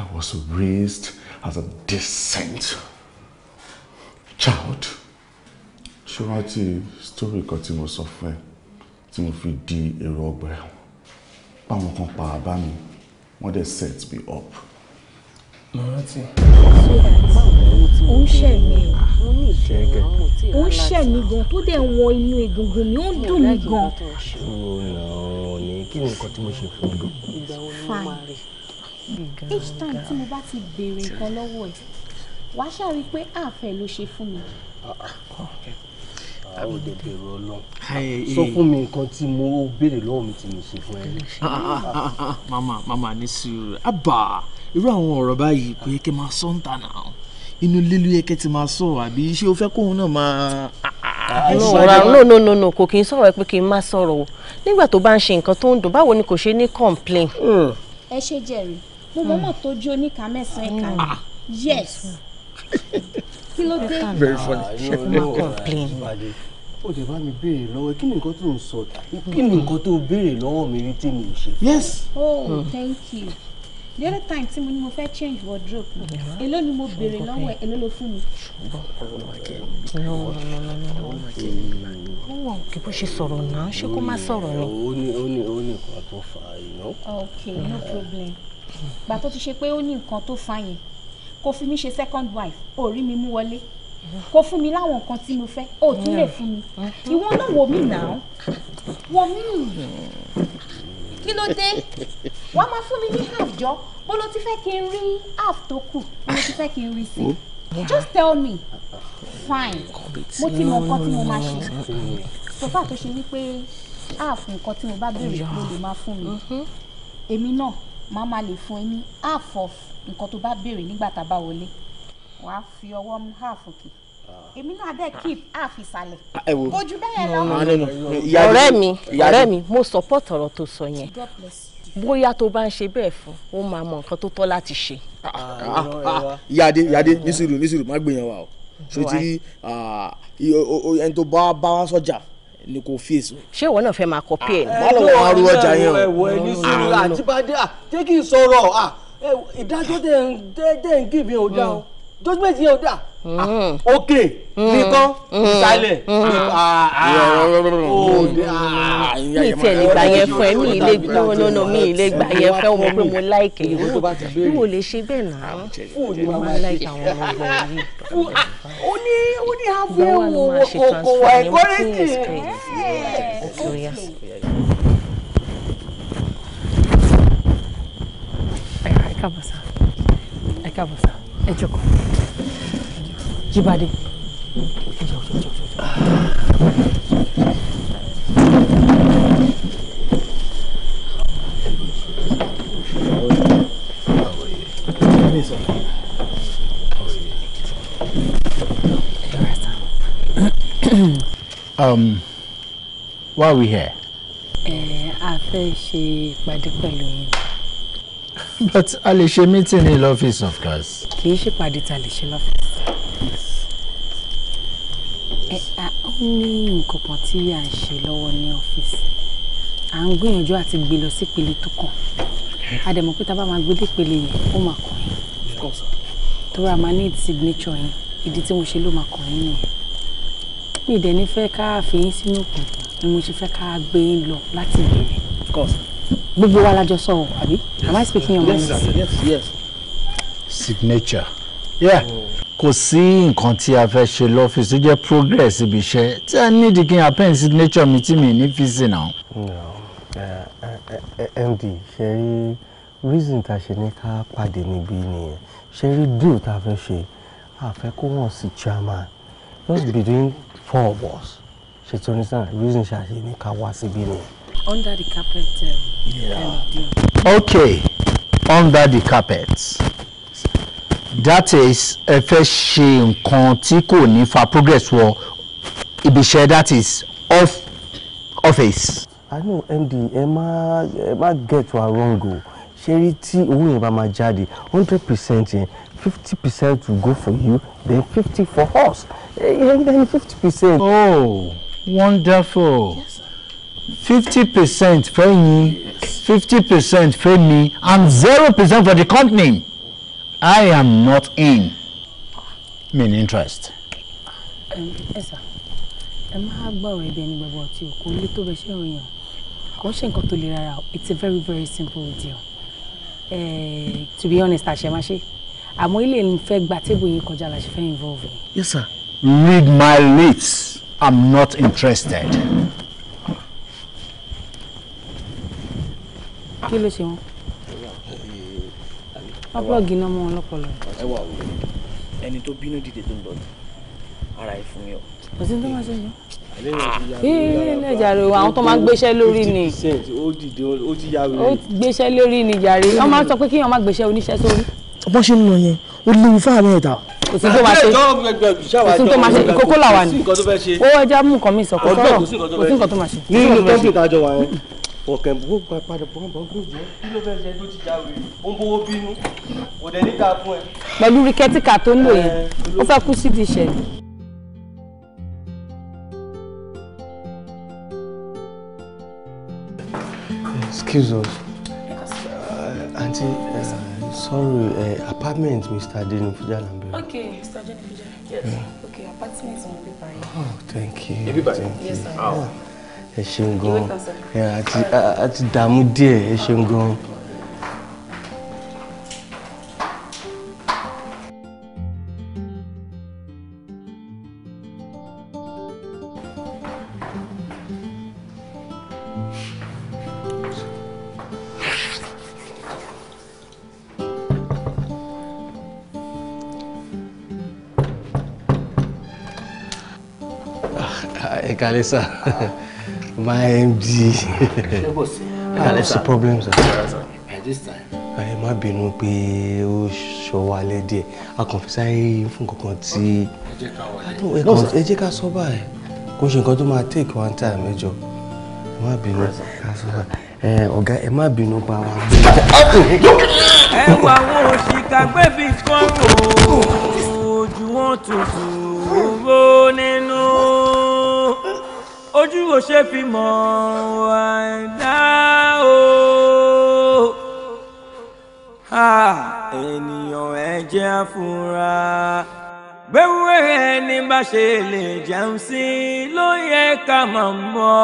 I was raised as a decent child. ṣé wàá ti story kan tí mo sọ fún ẹ tí mo fi di èrò ọgbà ẹ̀wọ̀n báwọn kan pa àbá mi wọ́n dẹ̀ set me up. mo rántí. ó ń ṣẹ̀ mí ó ń ṣẹ̀ mí gan tó dẹ̀ wọ inú egungun mi ó ń dùn mí gan. kí ni nǹkan tí mo ṣe fún un. fine each time tí mo bá ti béèrè nǹkan lọ́wọ́ ẹ̀ wàá ṣàrí pé àfẹ́ ló ṣe fún mi. Ah, ah àwọn òde bẹ̀rù ọlọ́run sọ fún mi nǹkan tí mo béèrè lọ́wọ́ mi tí mo ṣe fún ẹ. mama mama ní sùúrù àbá irú àwọn ọ̀rọ̀ báyìí kò yẹ kẹ́ máa sọ ń ta náà inú lílu yẹ kẹ́ ti máa sọ àbí ṣé o fẹ́ kóun náà máa. Ah, no no no no kò kì í sọ̀rọ̀ ẹ pé kí n má sọ̀rọ̀ o nígbà tó bá ń ṣe nǹkan tó ń dùn báwo ni kò ṣe ní complain. Hmm. ẹ ṣe jẹ́rìí mo mọ̀ hmm. mọ̀ tó jó níka mẹ́sàn-án ẹ̀ka ah. yes. kí ló dé. very funny chef ma complain. o jẹ bá mi béèrè lọ́wọ́ kí ni nǹkan tó ń sọ kí ni nǹkan tó béèrè lọ́wọ́ mi rí tí mi ò ṣe. yes. oh hmm. thank you the other time tí mo ní mo fẹ́ change wardrobe mi èló ni mo béèrè lọ́wọ́ ẹ̀ èló ló fún mi. ó wọ̀n kí bó ṣe sọ̀rọ̀ náà ṣé kó má hmm. sọ̀rọ̀ ni. ó ní ó ní ó ní nǹkan tó fà á ok no problem gbà tó ti ṣe pé ó ní nǹkan tó fà yẹn kò fi mí ṣe second wife ò rí mi mú wọlé kò fún mi láwọn nǹkan tí mo fẹ́ ò tún lè fún mi ìwọ náà wò mí nà án wò mí kí ló dé wàá máa fún mi ní half jọ bó ló ti fẹ́ kí n rí half tó kù bó ló ti fẹ́ kí n rí sí just tell me fine mo ti mọ nǹkan tí mo máa ṣe sọfà tó ṣe wípé half nǹkan tí mo bá béèrè ló lè máa fún mi èmi náà màá máa lè fún ẹ ní half of nǹkan tó bá béèrè nígbà tá a bá wọlé wàá fi ọwọ́ mú half òkè èmi náà dẹ̀ keep half ìsàlẹ̀ kojú bẹ́ẹ̀ lọ. ọ̀rẹ́ mi ọ̀rẹ́ mi mo support ọ̀rọ̀ tó sọ yẹn bóyá tó bá ń ṣe bẹ́ẹ̀ fún ó máa mọ nǹkan tó tọ́ láti ṣe. yàdé yàdé nísìrù nísìrù má gbìyànjú wa o ṣé tí ẹni tó bá bá wá sọ́jà ni kò fèsì. ṣé ìwọ náà fẹ́ máa kọ pé ẹ̀. báwo wàá ru ọjà yẹn o. ẹ̀wọ̀ ẹni sùúrù àtibáde à jẹ́ kí n sọ̀rọ̀ à ìdájọ́ tẹ̀ ń give yẹn ò dá o judgement yẹn ò dá. ok nìkan ìsàlẹ̀ mi tẹ̀ lè gbà yẹn fún ẹ mi ì lè gbà no no mi ì lè gbà yẹn fún ẹ o mọ̀ pé mo láìkè yìí mi ò lè ṣe bẹ́ẹ̀ náà mo máa láìkè àwọn ọmọ ọgbọ̀n yìí. ó ní ó ní àbẹ̀wò òkòwò ẹ̀kọ́ rẹ̀ kì í. káàbọ̀ sá ẹ káàbọ̀ sá ẹ jókòó jíbádé ẹ jókòó jókòó jókòó. Um, why are we here? Ẹ eh, a fẹ́ ṣe ìpàdé pẹ̀lú yín. but a lè ṣe meeting ní office, of course. kì í ṣèpàdé tá a lè ṣe l'office. ẹ à ó ní nǹkan kan tí à ń ṣe lọ́wọ́ ní ọ́fíìsì à ń gbìyànjú àti gbé lọ sí ìpele tó kàn a dẹ̀ mọ̀ pé tá a bá máa gbé dé ìpele yẹn ó máa kàn yín torí a máa ní signature yín ìdí tí mo ṣe ló máa kàn yín nìyẹn mi dẹ̀ ní fẹ́ ká fi yín sínú òkùnkùn ni mo ṣe fẹ́ ká gbé yín lọ láti bẹ̀rẹ̀. of course gbogbo wa la jọ sọ o àbí am I speaking your mind. yes yes. signature yeah kò sí nǹkan tí a fẹ́ ṣe lọ́fíìsì tó jẹ́ progress ibi iṣẹ́ tí a ní di kí signature mi tí mi ní fíìsì náà. Eh, eh, eh, md ṣe rí reason ta ṣe ní ká pàdé níbí nìyẹn ṣe rí deal ta fẹ́ ṣe a kó wọ́n sí chairman just between four of us ṣètò ní sàn reason ṣàṣe ní ká wá síbí nìyẹn. Under the carpet. Um, yeah. Kind of okay. Under the carpet. That is ẹ fẹ́ ṣe nǹkan tí kò ní fa progress wọ ibi iṣẹ́ that is off office. I know MD ẹ má ẹ má get wa wrong o ṣe rí tí owó yẹn bá máa jáde hundred percent yẹn fifty percent will go for you then fifty for us then fifty percent. Oh wonderful. Yes fifty percent for me, fifty percent for me, and zero percent for the company I am not in mean interest. ẹ sà ẹ máa gbọ́rọ̀ ẹbí ẹni gbogbo ọtí òkú ilé tó bẹ́ẹ̀ ṣe ń ròyìn kò ṣe nǹkan tó le rárá it's a very very simple deal to be honest àṣẹ máa ṣe àmọ́ ilé ń fẹ́ gba tébù yìí kọjá la ṣe fẹ́ involve. yes sir. read my lips i'm not interested. kí ló ṣe wọn. wọ́n plọ̀gì iná mọ́ wọn lọ́pọ̀lọ́. ẹ wà o ẹni tó bínú dìde tó ń lọ ara ẹ fún yọ. kò sí tó máa ṣe yọ. ilé ìjàre o àwọn tó máa gbéṣẹ́ lórí ni ó dìde ó ti yá wẹ̀rẹ̀. ó gbéṣẹ́ lórí ni jàre wọ́n máa ń sọ pé kíyàn má gbéṣẹ́ oníṣẹ́ sórí. bó ṣe ń lọ yẹn ó léwu fáàrin ẹ̀dá kò sí tó máa ṣe kò sí tó máa ṣe ìkókó làwà ni ó ẹja mú nǹkan mi sọ kó sọ̀rọ̀ nǹkan tó máa ṣe. nínú tó ń pè kájọ wa yẹn ọ̀kẹ́ gbogbo gba padà bọ́ bọ́ gbọ́ jẹ́. kí ló fẹ́ẹ́ ṣe tó ti jáwé ó ń bówó bínú kò dẹ̀ níta fún ẹ. pẹ̀lú rikẹ́tíkà tó ń lò yẹn ó fẹ́ kú sídìí ìṣẹ̀lẹ̀. excuse us uh, aunty uh, sorry uh, apartment mr Adenifuja la ń bẹ̀rẹ̀. okay mr Adenifuja yes yeah. okay apartment mo bí parí. oh thank you. ebi báyìí yes sir. Yeah ẹ ṣeun gan a ti dààmú díẹ̀ ẹ ṣeun gan. Ah, ẹ kálẹ́ my MD. Kálẹ̀ sá. What's the problem sir? At this time. I má bínú pé ó show alẹ́ díẹ̀. A kàn I sáré fún kankan tí. Ẹ jẹ́ ká sọ báyìí. Kò ṣe nǹkan tó máa take one time mẹ́jọ. Ẹ má bínú ká sọ báyìí. Ọ̀gá ẹ má bínú pa wa. Ẹ wà wo òṣìkà gbé bitcoin ojú wọn tuntun. ojú ò ṣe fi mọ̀ ẹ̀dá o. ènìyàn ẹ jẹ́ àfúrà gbẹ̀wé ẹni bá ṣe lè jẹun sí i ló yẹ ká máa bọ́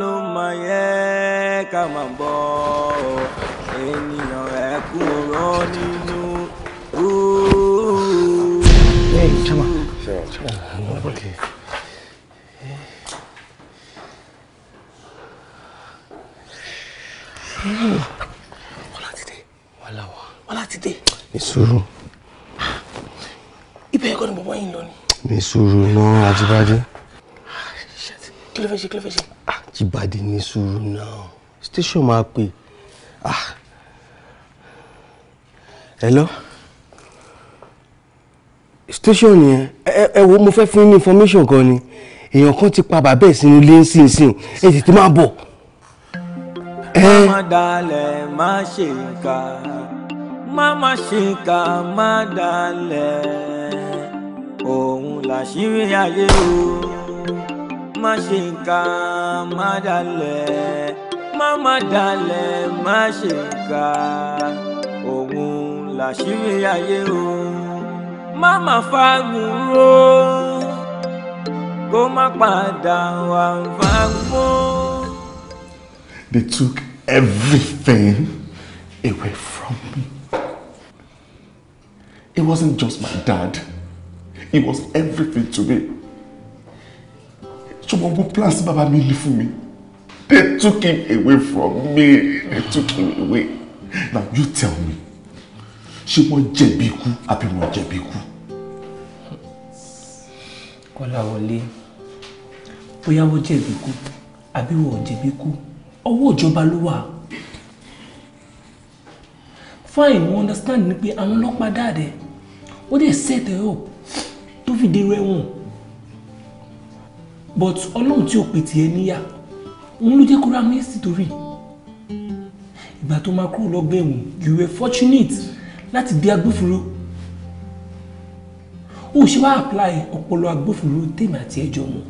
ló máa yẹ ká máa bọ́ ènìyàn ẹ kúrò nínú. Hey, come on. Sure. Oh, okay. Ọlátidé. wàhálà wa. Ọlátidé. ní sùúrù. ibẹ̀ ẹ̀kọ́ ni bàbá yìí ń lọ ni. ní sùúrù náà Ajíbádé. kí ló fẹ́ ṣe kí ló fẹ́ ṣe. Ajíbádé ní sùúrù náà station máa pè. Ah. hello station yẹn ẹ wo mo fẹ́ fún yín ní information kan ni èèyàn kan ti pa bàbá ẹ̀ sínú ilé ń sìn sìn ẹ tètè máa bọ̀ má dalẹ̀ má ṣèkà má má ṣèkà má dalẹ̀ òun làṣírí ayé o má ṣèkà má dalẹ̀ má má dalẹ̀ má ṣèkà òun làṣírí ayé o má má ró kó má padà wà fagùn They took everything away from me. It wasn't just my dad. It was everything to me. Ṣùgbọ́n who plans Baba, mi ní fún mi. They took him away from me. They took him away. Now you tell me, ṣé wọ́n jẹ̀bi ikú àbí wọ́n jẹ̀bi ikú? Kọ́láwọlé, bóyá wọ́n jẹ̀bi ikú àbí ọwọ́ ìjọba ló wà fine mo understand ni pé àwọn ọlọ́pàá dáadẹ́ ó dẹ̀ set ẹ̀ up tó fi dèrò ẹ̀wọ̀n but ọlọ́run tí ò pè tiẹ̀ níyà òun ló jẹ́ kó ra amnesty torí ìgbà tó máa kúrò lọ́gbà ẹ̀wọ̀n you were fortunate láti di agbófinró ó ṣe wá apply ọpọlọ agbófinró tèmi àti ẹjọ́ wọn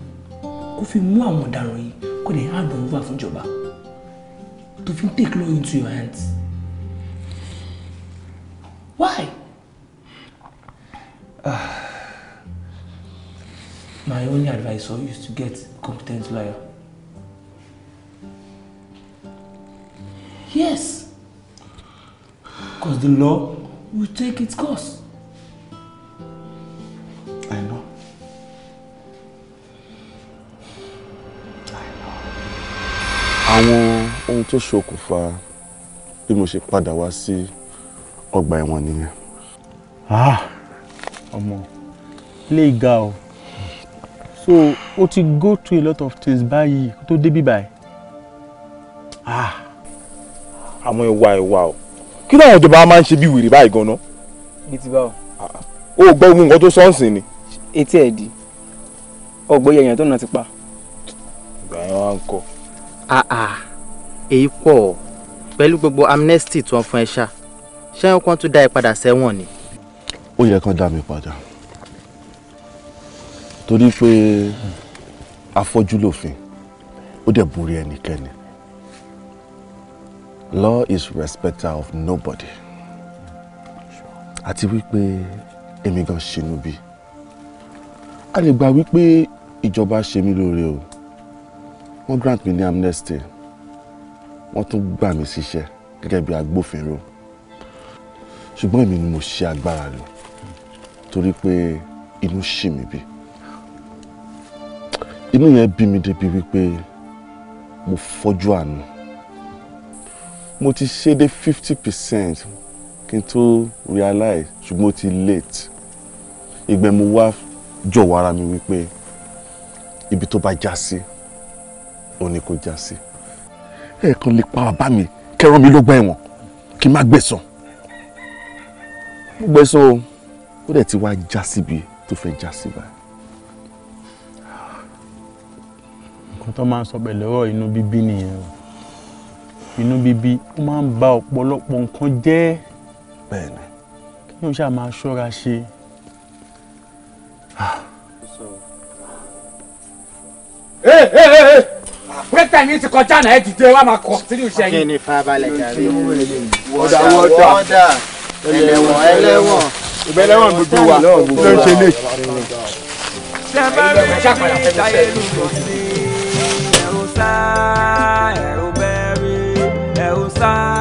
kó fi mú àwọn ọ̀daràn yìí kó lè hàn lọ́wọ́ fúnjọba. To fi take law into your hands why. Uh, my only advice for you is to get a competent lawyer. Yes, because the law will take its course. tó ṣokùnfà bí mo ṣe padà wá sí ọgbà ẹ̀wọ̀n nìyẹn. Ah, ọmọ ilé ìga o so o ti go through a lot of things báyìí kó tó débí báyìí. Ah. àwọn ìwà ìwà o kí lóun ìjọba máa ń ṣe bí wèrè báyìí gan-an. bí ti báwo. o gbọ́ ohun nǹkan tó sọ́ọ̀sì ni. etí ẹ̀ di ọgbọ́n yẹ̀yẹ̀ tó nà ti pa. ìgbà yẹn wá ń kọ. Ah, èyí pọ̀ pẹ̀lú gbogbo amnesty tí wọ́n fún ẹ ṣá ṣé wọn kàn tún dá ẹ padà sẹ́wọ̀n ni. ó yẹ kán dá mi padà torí pé afọ́jú lòfin ó dẹ̀ borí ẹnikẹ́ni law is respecter of nobody àti wípé èmi gan ṣinú bí a lè gba wípé ìjọba ṣe mí lóore o wọ́n grant mi ní amnesty wọ́n tún gbà mí síṣẹ́ gẹ́gẹ́ bí agbófinró ṣùgbọ́n èmi ni mo ṣe agbára lò torí pé inú ṣì mí bí inú yẹn bí mi débi wípé mo fọ́jú àánú mo ti ṣe dé fifty percent kí n tó realize ṣùgbọ́n ó ti late ìgbẹ́ mo wá jọ̀wọ́ ara mi wípé ibi tó bá já sí ó ní kó já sí ẹ kàn lè pa bàbá mi kẹrán mi lọ́gbà ẹ̀wọ̀n kí n má gbẹ̀san mo gbẹ̀san o ó dẹ̀ ti wá já síbi tó fẹ́ já sí báyìí. nǹkan tó máa ń sọ pẹ̀lú ọ̀rọ̀ inú bíbí nìyẹn o inú bíbí ó máa ń ba ọ̀pọ̀lọpọ̀ nǹkan jẹ́ bẹ́ẹ̀ni kí ni o ṣáà ṣọ́ra ṣe. Ah. Hey, hey, hey, hey pẹ́tà yín ti kọjá náà ẹ dìde wá máa kọ̀ sínú iṣẹ́ yín. kí ni fábalẹ̀ jàre wọ́dà wọ́dà ẹlẹ́wọ̀n ẹlẹ́wọ̀n ìbẹ́lẹ́wọ̀n gbogbo wa ló ń ṣe lè. ẹ̀rù sá ẹ̀rù bẹ́ẹ̀rì ẹ̀rù sá.